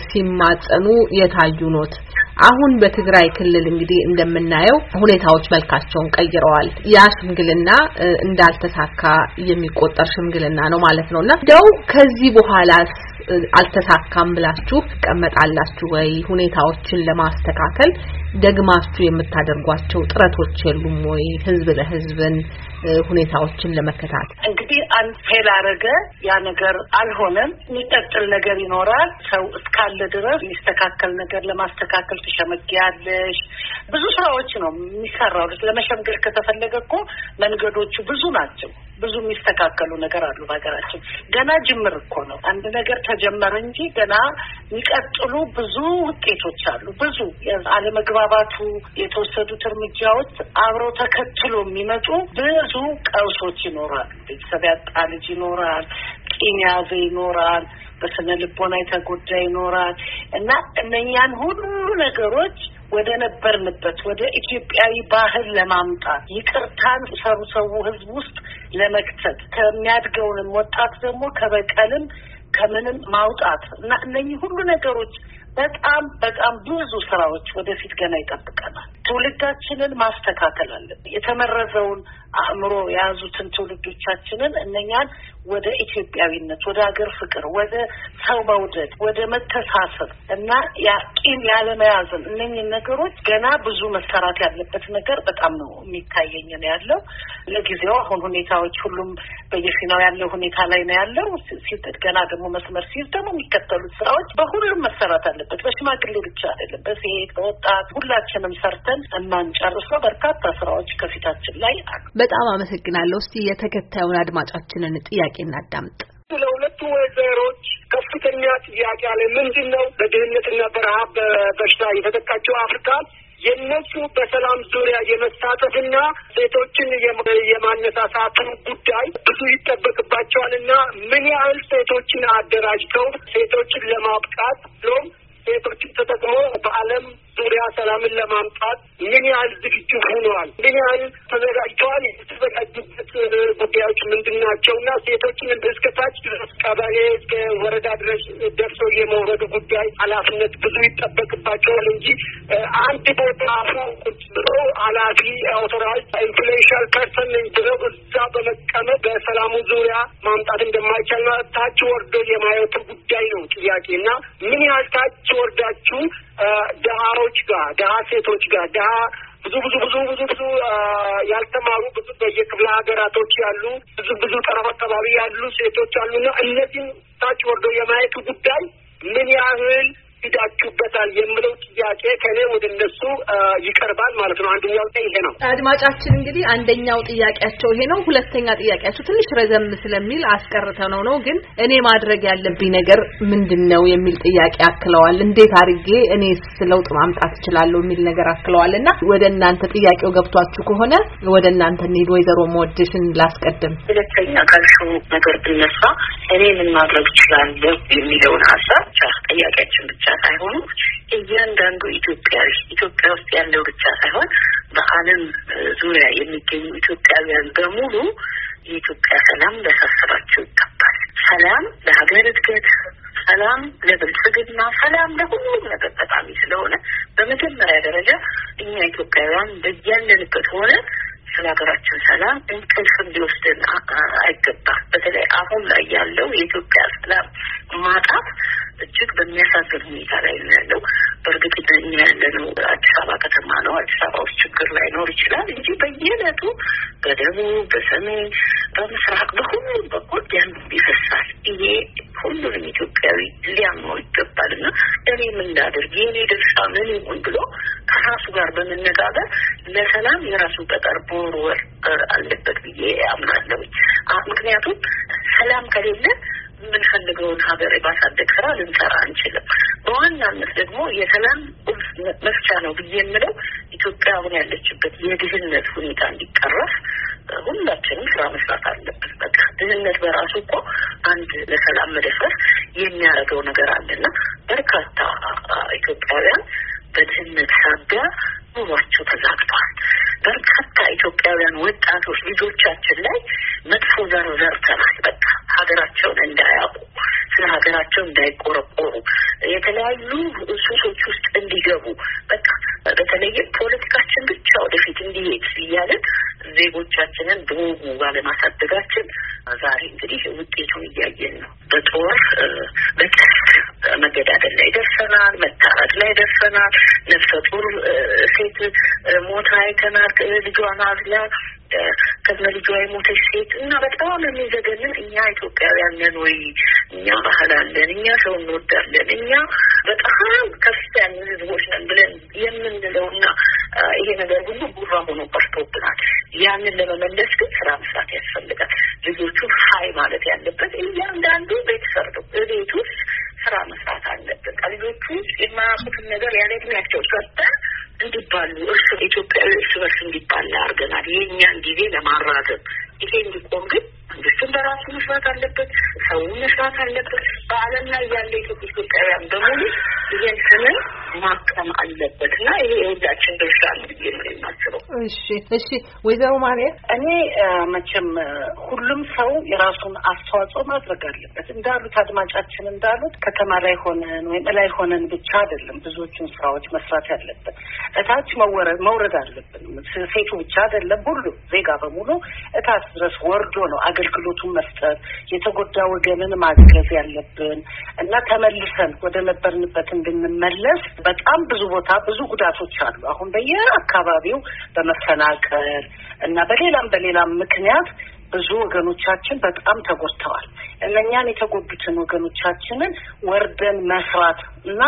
Speaker 2: ሲማጸኑ የታዩ ኖት። አሁን በትግራይ ክልል እንግዲህ እንደምናየው ሁኔታዎች መልካቸውን ቀይረዋል። ያ ሽምግልና እንዳልተሳካ የሚቆጠር ሽምግልና ነው ማለት እና እንደው ከዚህ በኋላ አልተሳካም ብላችሁ ትቀመጣላችሁ ወይ? ሁኔታዎችን ለማስተካከል ደግማችሁ የምታደርጓቸው ጥረቶች የሉም ወይ? ህዝብ ለህዝብን ሁኔታዎችን ለመከታት
Speaker 3: እንግዲህ አንድ ፌል አረገ፣ ያ ነገር አልሆነም፣ የሚቀጥል ነገር ይኖራል። ሰው እስካለ ድረስ የሚስተካከል ነገር ለማስተካከል ትሸመጊያለሽ። ብዙ ስራዎች ነው የሚሰራው። ለመሸምገል ከተፈለገ እኮ መንገዶቹ ብዙ ናቸው። ብዙ የሚስተካከሉ ነገር አሉ በሀገራችን። ገና ጅምር እኮ ነው። አንድ ነገር ተጀመረ እንጂ ገና የሚቀጥሉ ብዙ ውጤቶች አሉ። ብዙ አለመግባባቱ፣ የተወሰዱት እርምጃዎች አብረው ተከትሎ የሚመጡ ብዙ ቀውሶች ይኖራል። ቤተሰብ ያጣ ልጅ ይኖራል። ቂም የያዘ ይኖራል። በስነ ልቦና የተጎዳ ይኖራል እና እነኛን ሁሉ ነገሮች ወደ ነበርንበት ወደ ኢትዮጵያዊ ባህል ለማምጣት ይቅርታን ሰሩ ሰው ህዝብ ውስጥ ለመክተት ከሚያድገውንም ወጣት ደግሞ ከበቀልም ከምንም ማውጣት እና እነኚህ ሁሉ ነገሮች በጣም በጣም ብዙ ስራዎች ወደፊት ገና ይጠብቀናል። ትውልዳችንን ማስተካከል አለብን። የተመረዘውን አእምሮ የያዙትን ትውልዶቻችንን እነኛን ወደ ኢትዮጵያዊነት፣ ወደ ሀገር ፍቅር፣ ወደ ሰው መውደድ፣ ወደ መተሳሰብ እና ያቂም ያለመያዝን እነኝን ነገሮች ገና ብዙ መሰራት ያለበት ነገር በጣም ነው የሚታየኝ ነው ያለው። ለጊዜው አሁን ሁኔታዎች ሁሉም በየፊናው ያለው ሁኔታ ላይ ነው ያለው። ገና ደግሞ መስመር ሲይዝ ደግሞ የሚከተሉት ስራዎች በሁሉም መሰራት አለበት። አለበት። በሽማግሌ ብቻ አይደለም፣ በሴት በወጣት ሁላችንም ሰርተን የማንጨርሰው በርካታ ስራዎች ከፊታችን ላይ አሉ።
Speaker 2: በጣም አመሰግናለሁ። እስቲ የተከታዩን አድማጫችንን ጥያቄ እናዳምጥ።
Speaker 4: ለሁለቱ ወይዘሮች ከፍተኛ ጥያቄ አለ። ምንድን ነው በድህነትና በረሀብ በበሽታ የተጠቃቸው አፍሪካ የነሱ በሰላም ዙሪያ የመሳተፍና ሴቶችን የማነሳሳት ጉዳይ ብዙ ይጠበቅባቸዋል እና ምን ያህል ሴቶችን አደራጅተው ሴቶችን ለማብቃት ብሎም ሴቶችን ተጠቅሞ በዓለም ዙሪያ ሰላምን ለማምጣት ምን ያህል ዝግጁ ሆኗል? ምን ያህል ተዘጋጅተዋል? የተዘጋጁበት ጉዳዮች ምንድን ናቸው? እና ሴቶችን እስከ ታች ድረስ ቀበሌ እስከ ወረዳ ድረስ ደርሶ የመውረዱ ጉዳይ ኃላፊነት ብዙ ይጠበቅባቸዋል እንጂ አንድ ቦታ አፉ ቁጭ ብሎ ኃላፊ አውቶራይዝ ኢንፍሉዌንሻል ፐርሰን ብለው እዛ በመቀመጥ በሰላሙ ዙሪያ ማምጣት እንደማይቻልና ታች ወርዶ የማየቱ ጉዳይ ነው ጥያቄ እና ምን ያህል ታች ወርዳችሁ ደሃሮ ሰዎች ጋር ድሀ ሴቶች ጋር ድሀ ብዙ ብዙ ብዙ ብዙ ብዙ ያልተማሩ ብዙ በየክፍለ ሀገራቶች ያሉ ብዙ ብዙ ጠረፍ አካባቢ ያሉ ሴቶች አሉና እነዚህም ታች ወርዶ የማየቱ ጉዳይ ምን ያህል
Speaker 2: ሂዳችሁበታል የምለው ጥያቄ ከኔ ወደ እነሱ ይቀርባል ማለት ነው። አንደኛው ይሄ ነው። አድማጫችን እንግዲህ አንደኛው ጥያቄያቸው ይሄ ነው። ሁለተኛ ጥያቄያቸው ትንሽ ረዘም ስለሚል አስቀርተው ነው ነው ግን እኔ ማድረግ ያለብኝ ነገር ምንድን ነው የሚል ጥያቄ አክለዋል። እንዴት አድርጌ እኔስ ለውጥ ማምጣት እችላለሁ የሚል ነገር አክለዋል እና ወደ እናንተ ጥያቄው ገብቷችሁ ከሆነ ወደ እናንተ እንሂድ። ወይዘሮ መወድሽን ላስቀድም።
Speaker 3: ሁለተኛ ካልሽው ነገር ብነሳ እኔ ምን ማድረግ እችላለሁ የሚለውን ሀሳብ ጥያቄያችን ብቻ ሳይሆኑ እያንዳንዱ ኢትዮጵያዊ ኢትዮጵያ ውስጥ ያለው ብቻ ሳይሆን በዓለም ዙሪያ የሚገኙ ኢትዮጵያውያን በሙሉ የኢትዮጵያ ሰላም ሊያሳስባቸው ይገባል። ሰላም ለሀገር እድገት፣ ሰላም ለብልጽግና፣ ሰላም ለሁሉም ነገር ጠቃሚ ስለሆነ በመጀመሪያ ደረጃ እኛ ኢትዮጵያውያን በያለንበት ሆነ ስለ ሀገራችን ሰላም እንቅልፍም ሊወስድን አይገባ። በተለይ አሁን ላይ ያለው የኢትዮጵያ ሰላም ማጣት እጅግ በሚያሳዝን ሁኔታ ላይ ነው ያለው። በእርግጥ እኛ ያለነው አዲስ አበባ ከተማ ነው። አዲስ አበባ ውስጥ ችግር ላይኖር ይችላል እንጂ በየዕለቱ በደቡብ፣ በሰሜን፣ በምስራቅ በሁሉም በኩል ደም ይፈሳል። ይሄ ሁሉንም ኢትዮጵያዊ ሊያምነው ይገባል እና እኔ ምን ላድርግ የእኔ ድርሻ ምን ይሁን ብሎ ከራሱ ጋር በመነጋገር ለሰላም የራሱን ጠጠር መወርበር አለበት ብዬ አምናለሁ። ምክንያቱም ሰላም ከሌለ የምንፈልገውን ሀገር የማሳደግ ስራ ልንሰራ አንችልም። በዋናነት ደግሞ የሰላም ቁልፍ መፍቻ ነው ብዬ የምለው ኢትዮጵያ አሁን ያለችበት የድህነት ሁኔታ እንዲቀረፍ ሁላችንም ስራ መስራት አለበት። በቃ ድህነት በራሱ እኮ አንድ ለሰላም መደፈር የሚያደርገው ነገር አለና በርካታ ኢትዮጵያውያን በድህነት ሳቢያ ኑሯቸው ተዛግቷል። በርካታ ኢትዮጵያውያን ወጣቶች ልጆቻችን ላይ መጥፎ ዘር ዘርተናል። በቃ ሀገራቸውን እንዳያውቁ ስለ ሀገራቸው እንዳይቆረቆሩ የተለያዩ ሱሶች ውስጥ እንዲገቡ በቃ በተለይም ፖለቲካችን ብቻ ወደፊት እንዲሄድ እያለን ዜጎቻችንን በወጉ ባለማሳደጋችን ዛሬ እንግዲህ ውጤቱን እያየን ነው። በጦር በቀስ መገዳደል ላይ ደርሰናል። መታረድ ላይ ደርሰናል። ነፍሰ ጡር ሴት ሞታ አይተናል። ልጇን አዝላ ከነ ልጇ የሞተች ሴት እና በጣም የሚዘገንን እኛ ኢትዮጵያውያን ነን ወይ? እኛ ባህል አለን፣ እኛ ሰው እንወዳለን፣ እኛ በጣም ከፍ ያን ህዝቦች ነን ብለን የምንለው እና ይሄ ነገር ሁሉ ጉራ ሆኖ ቀርቶብናል። ያንን ለመመለስ ግን ስራ መስራት ያስፈልጋል። ልጆቹ ሀይ ማለት ያለበት እያንዳንዱ ቤተሰብ ነው። ቤት ውስጥ ስራ መስራት አለብን። ቀልጆቹ የማያውቁትን ነገር ያለ እድሜያቸው ሰርተን እንዲባሉ እርስ ኢትዮጵያ እርስ በርስ እንዲባላ አድርገናል። የእኛን ጊዜ ለማራዘም ይሄ እንዲቆም ግን መንግስትም በራሱ መስራት አለበት፣ ሰውም መስራት አለበት። በዓለም ላይ ያለ ኢትዮጵያ ኢትዮጵያውያን በሙሉ ይህን ስምን ማቀም አለበት እና ይሄ የሁላችን ድርሻ ነው ብዬ ነው የማስበው። እሺ፣ እሺ ወይዘሮ ማርያም እኔ መቼም ሁሉም ሰው የራሱን አስተዋጽኦ ማድረግ አለበት እንዳሉት አድማጫችን እንዳሉት ከተማ ላይ ሆነን ወይም እላይ ሆነን ብቻ አይደለም ብዙዎቹን ስራዎች መስራት ያለበት እታች መውረድ አለብን። ሴቱ ብቻ አይደለም ሁሉ ዜጋ በሙሉ እታች ድረስ ወርዶ ነው አገ አገልግሎቱን መስጠት፣ የተጎዳ ወገንን ማገዝ ያለብን እና ተመልሰን ወደ ነበርንበት እንድንመለስ በጣም ብዙ ቦታ ብዙ ጉዳቶች አሉ። አሁን በየአካባቢው በመፈናቀል እና በሌላም በሌላም ምክንያት ብዙ ወገኖቻችን በጣም ተጎድተዋል። እነኛን የተጎዱትን ወገኖቻችንን ወርደን መስራት እና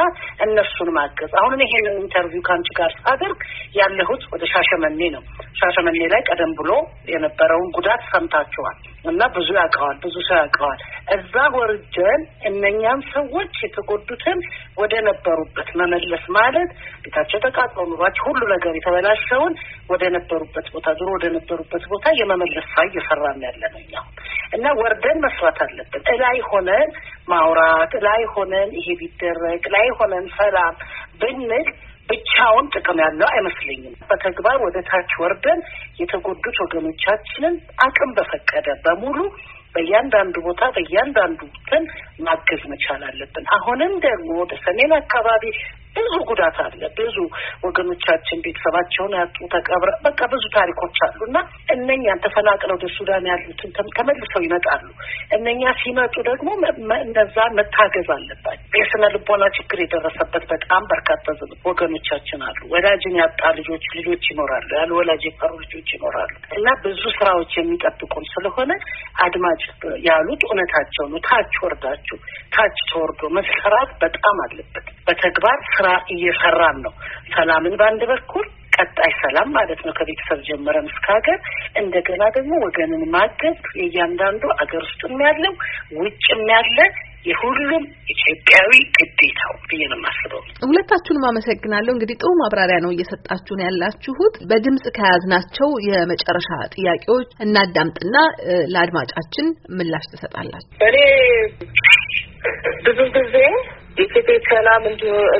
Speaker 3: እነሱን ማገዝ። አሁንም ይሄንን ኢንተርቪው ከአንቺ ጋር ሳደርግ ያለሁት ወደ ሻሸመኔ ነው። ሻሸመኔ ላይ ቀደም ብሎ የነበረውን ጉዳት ሰምታችኋል እና ብዙ ያውቀዋል፣ ብዙ ሰው ያውቀዋል። እዛ ወርደን እነኛን ሰዎች የተጎዱትን ወደ ነበሩበት መመለስ ማለት ቤታቸው ተቃጥሎ ኑሯቸው ሁሉ ነገር የተበላሸውን ወደ ነበሩበት ቦታ ድሮ ወደ ነበሩበት ቦታ የመመለስ ስራ እየሰራ ነው ያለ ነው እና ወርደን መስራት አለብን። እላይ ሆነን ማውራት፣ እላይ ሆነን ይሄ ቢደረግ፣ እላይ ሆነን ሰላም ብንል ብቻውን ጥቅም ያለው አይመስለኝም። በተግባር ወደ ታች ወርደን የተጎዱት ወገኖቻችንን አቅም በፈቀደ በሙሉ በእያንዳንዱ ቦታ በእያንዳንዱ እንትን ማገዝ መቻል አለብን። አሁንም ደግሞ ወደ ሰሜን አካባቢ ብዙ ጉዳት አለ። ብዙ ወገኖቻችን ቤተሰባቸውን ያጡ ተቀብረ በቃ ብዙ ታሪኮች አሉ እና እነኛን ተፈናቅለው ወደ ሱዳን ያሉትን ተመልሰው ይመጣሉ። እነኛ ሲመጡ ደግሞ እነዛ መታገዝ አለባቸው። የስነ ልቦና ችግር የደረሰበት በጣም በርካታ ወገኖቻችን አሉ። ወላጅን ያጣ ልጆች ልጆች ይኖራሉ። ያሉ ወላጅ የቀሩ ልጆች ይኖራሉ እና ብዙ ስራዎች የሚጠብቁን ስለሆነ አድማጭ ያሉት እውነታቸው ነው። ታች ወርዳችሁ ታች ተወርዶ መስራት በጣም አለበት በተግባር ስራ እየሰራን ነው። ሰላምን በአንድ በኩል ቀጣይ ሰላም ማለት ነው። ከቤተሰብ ጀምረን እስከ ሀገር እንደገና ደግሞ ወገንን ማገዝ የእያንዳንዱ አገር ውስጥም ያለው ውጭም ያለ የሁሉም ኢትዮጵያዊ ግዴታው ብዬ ነው የማስበው።
Speaker 2: ሁለታችሁንም አመሰግናለሁ። እንግዲህ ጥሩ ማብራሪያ ነው እየሰጣችሁን ያላችሁት። በድምጽ ከያዝናቸው የመጨረሻ ጥያቄዎች እናዳምጥና ለአድማጫችን ምላሽ ትሰጣላችሁ።
Speaker 3: እኔ ብዙ ጊዜ የሴቶች ሰላም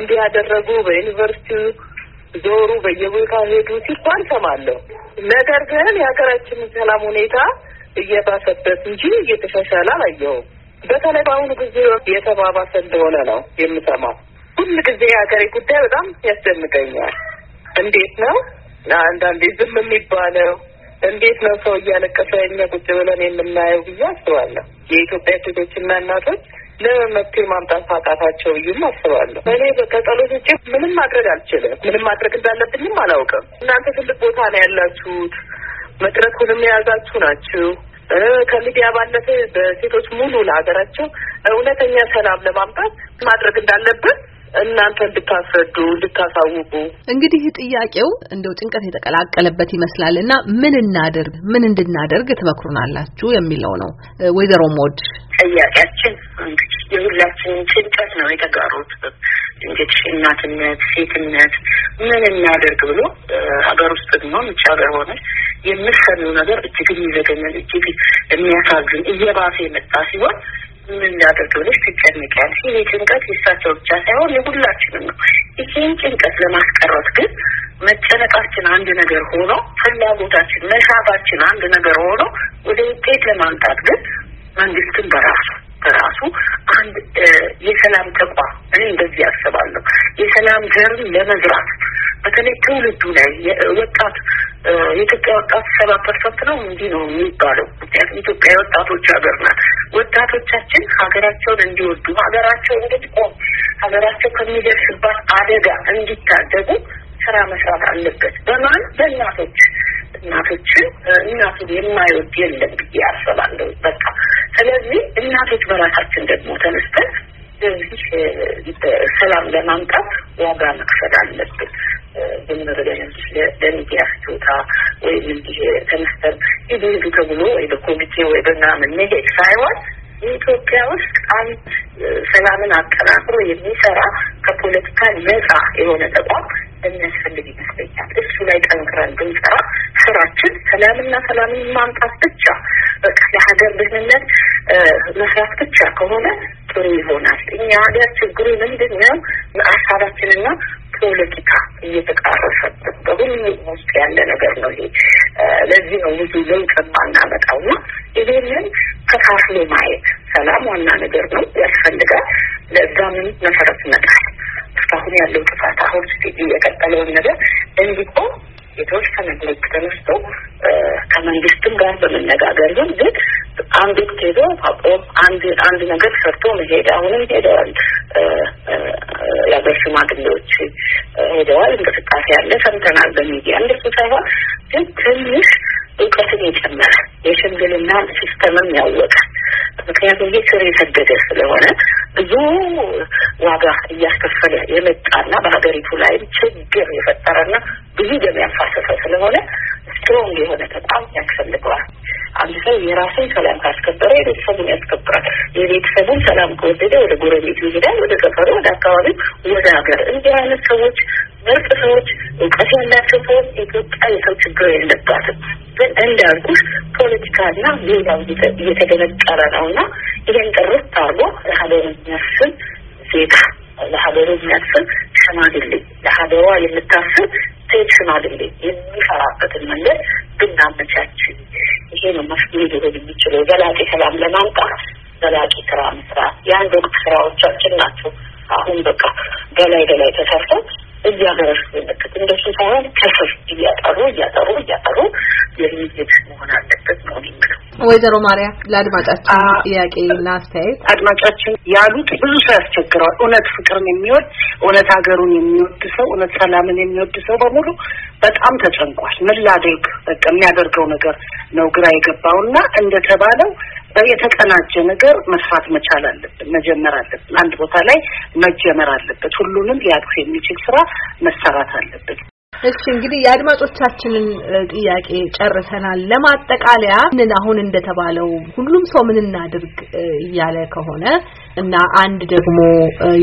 Speaker 3: እንዲያደረጉ በዩኒቨርሲቲው ዞሩ በየቦታው ሄዱ ሲባል ሰማለሁ። ነገር ግን የሀገራችንን ሰላም ሁኔታ እየባሰበት እንጂ እየተሻሻለ አላየሁም። በተለይ በአሁኑ ጊዜ የተባባሰ እንደሆነ ነው የምሰማው። ሁል ጊዜ የሀገሬ ጉዳይ በጣም ያስደንቀኛል። እንዴት ነው አንዳንዴ ዝም የሚባለው? እንዴት ነው ሰው እያለቀሰ እኛ ቁጭ ብለን የምናየው ብዬ አስባለሁ። የኢትዮጵያ ሴቶችና እናቶች ለመፍትሄ ማምጣት ማቃታቸው ብዬም አስባለሁ። እኔ ከጸሎት ውጭ ምንም ማድረግ አልችልም። ምንም ማድረግ እንዳለብኝም አላውቅም። እናንተ ትልቅ ቦታ ነው ያላችሁት፣ መድረኩንም የያዛችሁ ናችሁ። ከሚዲያ ባለፈ በሴቶች ሙሉ ለሀገራቸው እውነተኛ ሰላም ለማምጣት ማድረግ እንዳለብን እናንተ እንድታስረዱ እንድታሳውቁ።
Speaker 2: እንግዲህ ጥያቄው እንደው ጭንቀት የተቀላቀለበት ይመስላል እና ምን እናደርግ ምን እንድናደርግ ትመክሩናላችሁ የሚለው ነው። ወይዘሮ ሞድ
Speaker 3: ጥያቄያችን እንግዲህ የሁላችንም ጭንቀት ነው የተጋሩት እንግዲህ እናትነት፣ ሴትነት ምን እናደርግ ብሎ ሀገር ውስጥ ነው ሀገር ሆነ የምትሰሚው ነገር እጅግ የሚዘገነን እጅግ የሚያሳዝን እየባሰ የመጣ ሲሆን ምን ልጅ ብለሽ ይሄ ጭንቀት የእሳቸው ብቻ ሳይሆን የሁላችንም ነው። ይሄን ጭንቀት ለማስቀረት ግን መጨነቃችን አንድ ነገር ሆኖ፣ ፍላጎታችን መሻታችን አንድ ነገር ሆኖ ወደ ውጤት ለማምጣት ግን መንግስትን በራሱ በራሱ አንድ የሰላም ተቋም እኔ እንደዚህ ያስባለሁ። የሰላም ዘርን ለመዝራት በተለይ ትውልዱ ላይ ወጣት የኢትዮጵያ ወጣት ሰባ ፐርሰንት ነው እንዲህ ነው የሚባለው። ምክንያቱም ኢትዮጵያ የወጣቶች ሀገር ናት። ወጣቶቻችን ሀገራቸውን እንዲወዱ፣ ሀገራቸው እንድትቆም፣ ሀገራቸው ከሚደርስባት አደጋ እንዲታደጉ ስራ መስራት አለበት። በማን በእናቶች እናቶችን እናቱን የማይወድ የለም ብዬ ያስባለሁ። በቃ ስለዚህ እናቶች በራሳችን ደግሞ ተነስተን እዚህ ሰላም ለማምጣት ዋጋ መክፈል አለብን። የምንረዳለን ለሚዲያ ስጆታ ወይም እንዲህ ተነስተን ይሄዱ ተብሎ ወይ በኮሚቴ ወይ በምናምን መሄድ ሳይሆን የኢትዮጵያ ውስጥ አንድ ሰላምን አጠናክሮ የሚሰራ ከፖለቲካ ነጻ የሆነ ተቋም የሚያስፈልግ ይመስለኛል። እሱ ላይ ጠንክረን ብንሰራ ስራችን ሰላምና ሰላምን ማምጣት ብቻ በቃ ለሀገር ደህንነት መስራት ብቻ ከሆነ ጥሩ ይሆናል። እኛ ሀገር ችግሩ ምንድን ነው? ሀሳባችንና ፖለቲካ እየተቃረሰበት በሁሉ ውስጥ ያለ ነገር ነው ይሄ። ለዚህ ነው ብዙ ለውጥ ማናመጣው እና ይሄንን ከፋፍሎ ማየት ሰላም ዋና ነገር ነው ያስፈልጋል። ለዛምን መሰረት መጣል እስካሁን ያለው ጥፋት አሁን የቀጠለውን ነገር እንዲቆም ውጤቶች ከመድረክ ተነስቶ ከመንግስትም ጋር በመነጋገር ግን ግን አንድ ወቅት ሄዶ አንድ አንድ ነገር ሰርቶ መሄድ አሁንም ሄደዋል። የሀገር ሽማግሌዎች ሄደዋል። እንቅስቃሴ ያለ ሰምተናል በሚዲያ እንደሱ ሳይሆን ግን ትንሽ እውቀትን የጨመረ የሽምግልና ሲስተምም ያወቃል ምክንያቱም ይህ ስር የሰደደ ስለሆነ ብዙ ዋጋ እያስከፈለ የመጣና በሀገሪቱ ላይም ችግር የፈጠረና ብዙ ደም ያፋሰሰ ስለሆነ ስትሮንግ የሆነ ተቋም ያስፈልገዋል። አንድ ሰው የራስን ሰላም ካስከበረ የቤተሰቡን ያስከብራል። የቤተሰቡን ሰላም ከወደደ ወደ ጎረቤት ይሄዳል፣ ወደ ቀበሌ፣ ወደ አካባቢው፣ ወደ ሀገር። እንዲህ አይነት ሰዎች ምርጥ ሰዎች፣ እውቀት ያላቸው ሰዎች ኢትዮጵያ የሰው ችግር የለባትም። ግን እንዳልኩሽ ፖለቲካና ሌላው እየተገነጠረ ነው እና ይሄን ጥርት አርጎ ለሀገሩ የሚያስብ ዜጋ፣ ለሀገሩ የሚያስብ ሽማግሌ፣ ለሀገሯ የምታስብ ሴት ሽማግሌ የሚፈራበትን መንገድ ብናመቻች፣ ይሄ ነው መፍትሄ ሊሆን የሚችለው። ዘላቂ ሰላም ለማምጣት ዘላቂ ስራ መስራት የአንድ ወቅት ስራዎቻችን ናቸው። አሁን በቃ በላይ በላይ ተሰርተው እያገረሹ የለቀት እንደሱ ሳይሆን ከስር እያጠሩ እያጠሩ እያጠሩ የሚሄድ መሆን አለበት ነው የሚለው።
Speaker 2: ወይዘሮ ማርያም ለአድማጫችን ጥያቄ እና
Speaker 3: አድማጫችን ያሉት ብዙ ሰው ያስቸግረዋል። እውነት ፍቅርን የሚወድ እውነት ሀገሩን የሚወድ ሰው እውነት ሰላምን የሚወድ ሰው በሙሉ በጣም ተጨንቋል። ምን በቃ የሚያደርገው ነገር ነው ግራ የገባውና እንደተባለው የተቀናጀ ነገር መስራት መቻል አለብን፣ መጀመር አለብን። አንድ ቦታ ላይ መጀመር አለበት። ሁሉንም ሊያቅፍ የሚችል
Speaker 2: ስራ መሰራት አለብን። እሺ እንግዲህ የአድማጮቻችንን ጥያቄ ጨርሰናል። ለማጠቃለያ ምን አሁን እንደተባለው ሁሉም ሰው ምን እናድርግ እያለ ከሆነ እና አንድ ደግሞ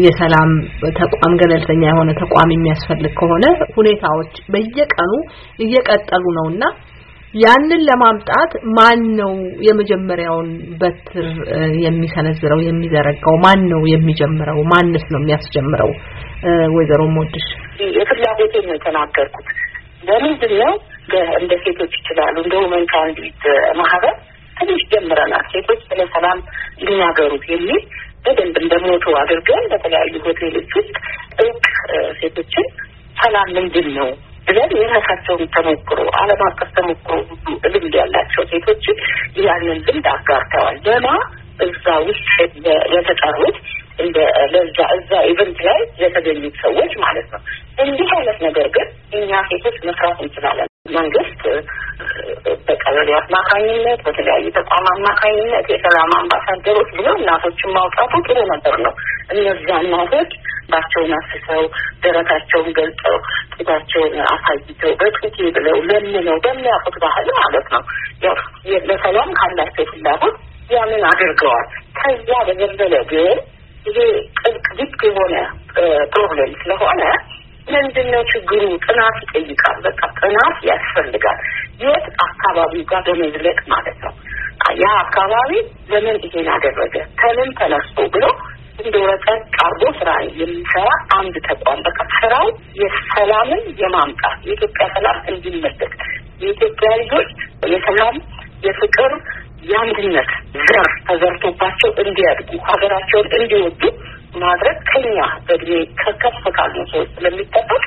Speaker 2: የሰላም ተቋም ገለልተኛ የሆነ ተቋም የሚያስፈልግ ከሆነ ሁኔታዎች በየቀኑ እየቀጠሉ ነውና ያንን ለማምጣት ማን ነው የመጀመሪያውን በትር የሚሰነዝረው የሚዘረጋው? ማን ነው የሚጀምረው? ማንስ ነው የሚያስጀምረው? ወይዘሮ ሞድሽ
Speaker 3: የፍላጎቴን ነው የተናገርኩት። ለምንድን ነው እንደ ሴቶች ይችላሉ እንደ ወመን ካንዲት ማህበር ትንሽ ጀምረናል። ሴቶች ስለ ሰላም ሊናገሩት የሚል በደንብ እንደ ሞቶ አድርገን በተለያዩ ሆቴሎች ውስጥ እውቅ ሴቶችን ሰላም ምንድን ነው ብለን የራሳቸውን ተሞክሮ ዓለም አቀፍ ተሞክሮ ልምድ ያላቸው ሴቶች ያንን ልምድ አጋርተዋል። ለማ እዛ ውስጥ የተጠሩት እንደ ለዛ እዛ ኢቨንት ላይ የተገኙት ሰዎች ማለት ነው። እንዲህ አይነት ነገር ግን እኛ ሴቶች መስራት እንችላለን። መንግስት በቀበሌ አማካኝነት በተለያዩ ተቋም አማካኝነት የሰላም አምባሳደሮች ብሎ እናቶችን ማውጣቱ ጥሩ ነገር ነው። እነዛ እናቶች ባቸውን አስተው ደረታቸውን ገልጠው ጡታቸውን አሳይተው በጡቴ ብለው ለምነው በሚያውቁት ባህል ማለት ነው ለሰላም ካላቸው ፍላጎት ያንን አድርገዋል። ከዛ በዘለለ ግን ይሄ ጥልቅ ዲፕ የሆነ ፕሮብሌም ስለሆነ ምንድን ነው ችግሩ? ጥናት ይጠይቃል። በቃ ጥናት ያስፈልጋል። የት አካባቢው ጋር በመዝለቅ ማለት ነው ያ አካባቢ ለምን ይሄን አደረገ ከምን ተነስቶ ብሎ እንደ ወረቀት አርጎ ስራ የሚሰራ አንድ ተቋም በቃ ስራው የሰላምን የማምጣት የኢትዮጵያ ሰላም እንዲመለስ የኢትዮጵያ ልጆች የሰላም የፍቅር የአንድነት ዘር ተዘርቶባቸው እንዲያድጉ ሀገራቸውን እንዲወዱ ማድረግ ከኛ በእድሜ ከከፍ ካሉ ሰዎች ስለሚጠበቅ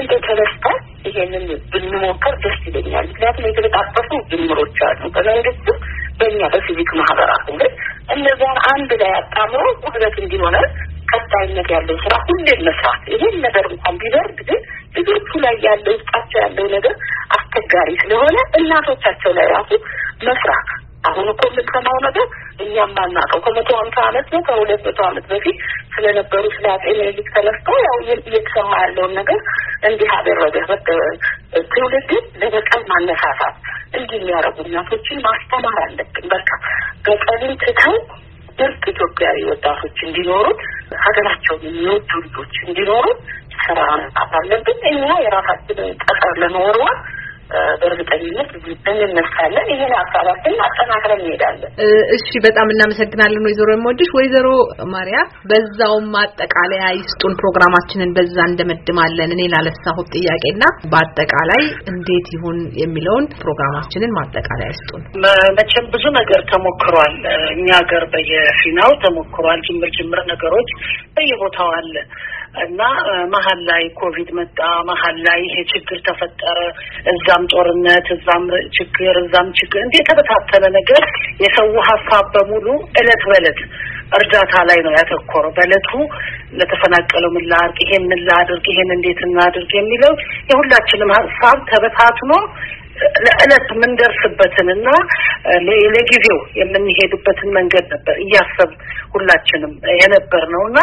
Speaker 3: እንደ ተነስታ ይሄንን ብንሞከር ደስ ይለኛል። ምክንያቱም የተበጣጠፉ ጅምሮች አሉ በመንግስትም በእኛ በሲቪክ ማህበራት ላይ እነዚያን አንድ ላይ አጣምሮ ውህደት እንዲሆነ ቀጣይነት ያለው ስራ ሁሌም መስራት። ይህን ነገር እንኳን ቢደርግ ግን ልጆቹ ላይ ያለው ውስጣቸው ያለው ነገር አስቸጋሪ ስለሆነ እናቶቻቸው ላይ ራሱ መስራት አሁን እኮ የምትሰማው ነገር እኛም አናውቀው። ከመቶ ሀምሳ አመት ነው ከሁለት መቶ አመት በፊት ስለነበሩ ስለ አጼ ምኒልክ ተነስተው ያው እየተሰማ ያለውን ነገር እንዲህ አደረገ። ትውልድን ለበቀል ማነሳሳት እንዲህ የሚያደርጉ እናቶችን ማስተማር አለብን። በቃ በቀልን ትተው ድርቅ ኢትዮጵያዊ ወጣቶች እንዲኖሩት ሀገራቸውን የሚወዱ ልጆች እንዲኖሩት ስራ መጣት አለብን። እኛ የራሳችንን ጠፈር ለመወርወር በእርግጠኝነት እንነሳለን። ይህን ሀሳባችን አጠናክረን እንሄዳለን።
Speaker 2: እሺ፣ በጣም እናመሰግናለን ወይዘሮ የምወድሽ ወይዘሮ ማርያም። በዛውም ማጠቃለያ ይስጡን። ፕሮግራማችንን በዛ እንደመድማለን። እኔ ላለሳሁት ጥያቄና በአጠቃላይ እንዴት ይሁን የሚለውን ፕሮግራማችንን ማጠቃለያ ይስጡን።
Speaker 3: መቼም ብዙ ነገር ተሞክሯል። እኛ ሀገር በየፊናው ተሞክሯል። ጅምር ጅምር ነገሮች በየቦታው አለ። እና መሀል ላይ ኮቪድ መጣ፣ መሀል ላይ ይሄ ችግር ተፈጠረ፣ እዛም ጦርነት፣ እዛም ችግር፣ እዛም ችግር እንዲህ የተበታተነ ነገር የሰው ሀሳብ በሙሉ እለት በእለት እርዳታ ላይ ነው ያተኮረው። በእለቱ ለተፈናቀለው ምን ላድርግ፣ ይሄን ምን ላድርግ፣ ይሄን እንዴት እናድርግ የሚለው የሁላችንም ሀሳብ ተበታትኖ ለእለት የምንደርስበትን እና ለጊዜው የምንሄድበትን መንገድ ነበር እያሰብ ሁላችንም የነበር ነው እና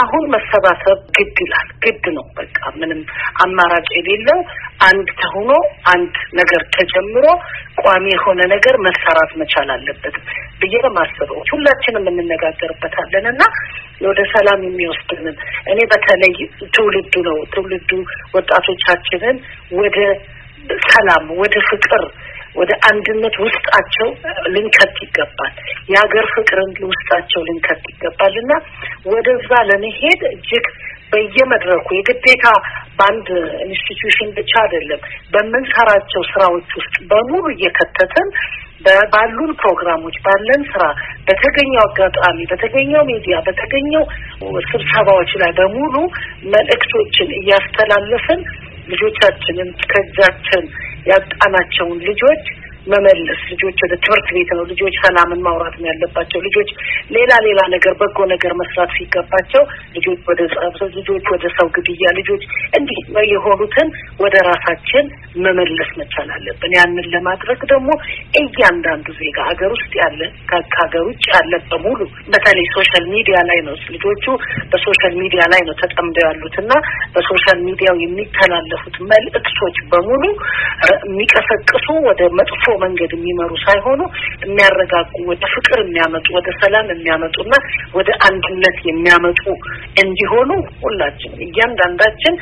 Speaker 3: አሁን መሰባሰብ ግድ ይላል። ግድ ነው። በቃ ምንም አማራጭ የሌለው አንድ ተሆኖ አንድ ነገር ተጀምሮ ቋሚ የሆነ ነገር መሰራት መቻል አለበት ብዬ ነው የማስበው። ሁላችንም እንነጋገርበታለን እና ወደ ሰላም የሚወስድንን እኔ በተለይ ትውልዱ ነው ትውልዱ ወጣቶቻችንን ወደ ሰላም ወደ ፍቅር ወደ አንድነት ውስጣቸው ልንከት ይገባል። የሀገር ፍቅርን ውስጣቸው ልንከት ይገባል እና ወደዛ ለመሄድ እጅግ በየመድረኩ የግዴታ በአንድ ኢንስቲትዩሽን ብቻ አይደለም፣ በምንሰራቸው ስራዎች ውስጥ በሙሉ እየከተትን ባሉን ፕሮግራሞች፣ ባለን ስራ፣ በተገኘው አጋጣሚ፣ በተገኘው ሚዲያ፣ በተገኘው ስብሰባዎች ላይ በሙሉ መልእክቶችን እያስተላለፍን ልጆቻችንን ከእጃችን ያጣናቸውን ልጆች መመለስ ልጆች ወደ ትምህርት ቤት ነው። ልጆች ሰላምን ማውራት ነው ያለባቸው። ልጆች ሌላ ሌላ ነገር በጎ ነገር መስራት ሲገባቸው ልጆች ወደ ጸብ፣ ልጆች ወደ ሰው ግድያ፣ ልጆች እንዲህ የሆኑትን ወደ ራሳችን መመለስ መቻል አለብን። ያንን ለማድረግ ደግሞ እያንዳንዱ ዜጋ ሀገር ውስጥ ያለ ከሀገር ውጭ ያለ በሙሉ በተለይ ሶሻል ሚዲያ ላይ ነው ልጆቹ በሶሻል ሚዲያ ላይ ነው ተጠምደው ያሉት እና በሶሻል ሚዲያው የሚተላለፉት መልእክቶች በሙሉ የሚቀሰቅሱ ወደ መጥፎ መንገድ የሚመሩ ሳይሆኑ የሚያረጋጉ ወደ ፍቅር የሚያመጡ ወደ ሰላም የሚያመጡና ወደ አንድነት የሚያመጡ እንዲሆኑ ሁላችን እያንዳንዳችን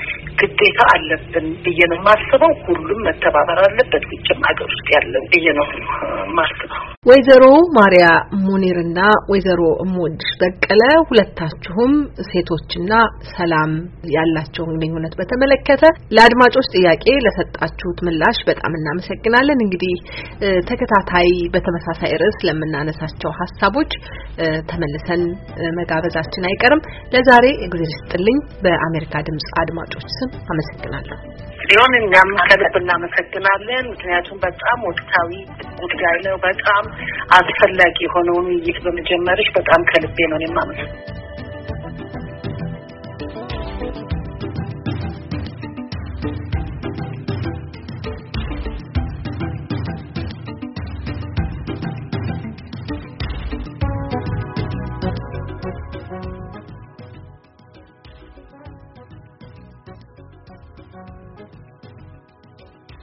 Speaker 3: ግዴታ አለብን ብዬ ነው የማስበው። ሁሉም መተባበር አለበት፣ ውጭም ሀገር ውስጥ ያለው ብዬ ነው የማስበው።
Speaker 2: ወይዘሮ ማሪያ ሙኒርና ወይዘሮ እምወድሽ በቀለ ሁለታችሁም ሴቶችና ሰላም ያላቸውን ግንኙነት በተመለከተ ለአድማጮች ጥያቄ ለሰጣችሁት ምላሽ በጣም እናመሰግናለን። እንግዲህ ተከታታይ በተመሳሳይ ርዕስ ለምናነሳቸው ሀሳቦች ተመልሰን መጋበዛችን አይቀርም። ለዛሬ እግዜር ይስጥልኝ። በአሜሪካ ድምጽ አድማጮች ስም አመሰግናለሁ።
Speaker 3: ሲሆን እኛም ከልብ እናመሰግናለን። ምክንያቱም በጣም ወቅታዊ ጉዳይ ነው። በጣም አስፈላጊ የሆነውን ውይይት በመጀመርሽ በጣም ከልቤ ነው የማመሰግነው።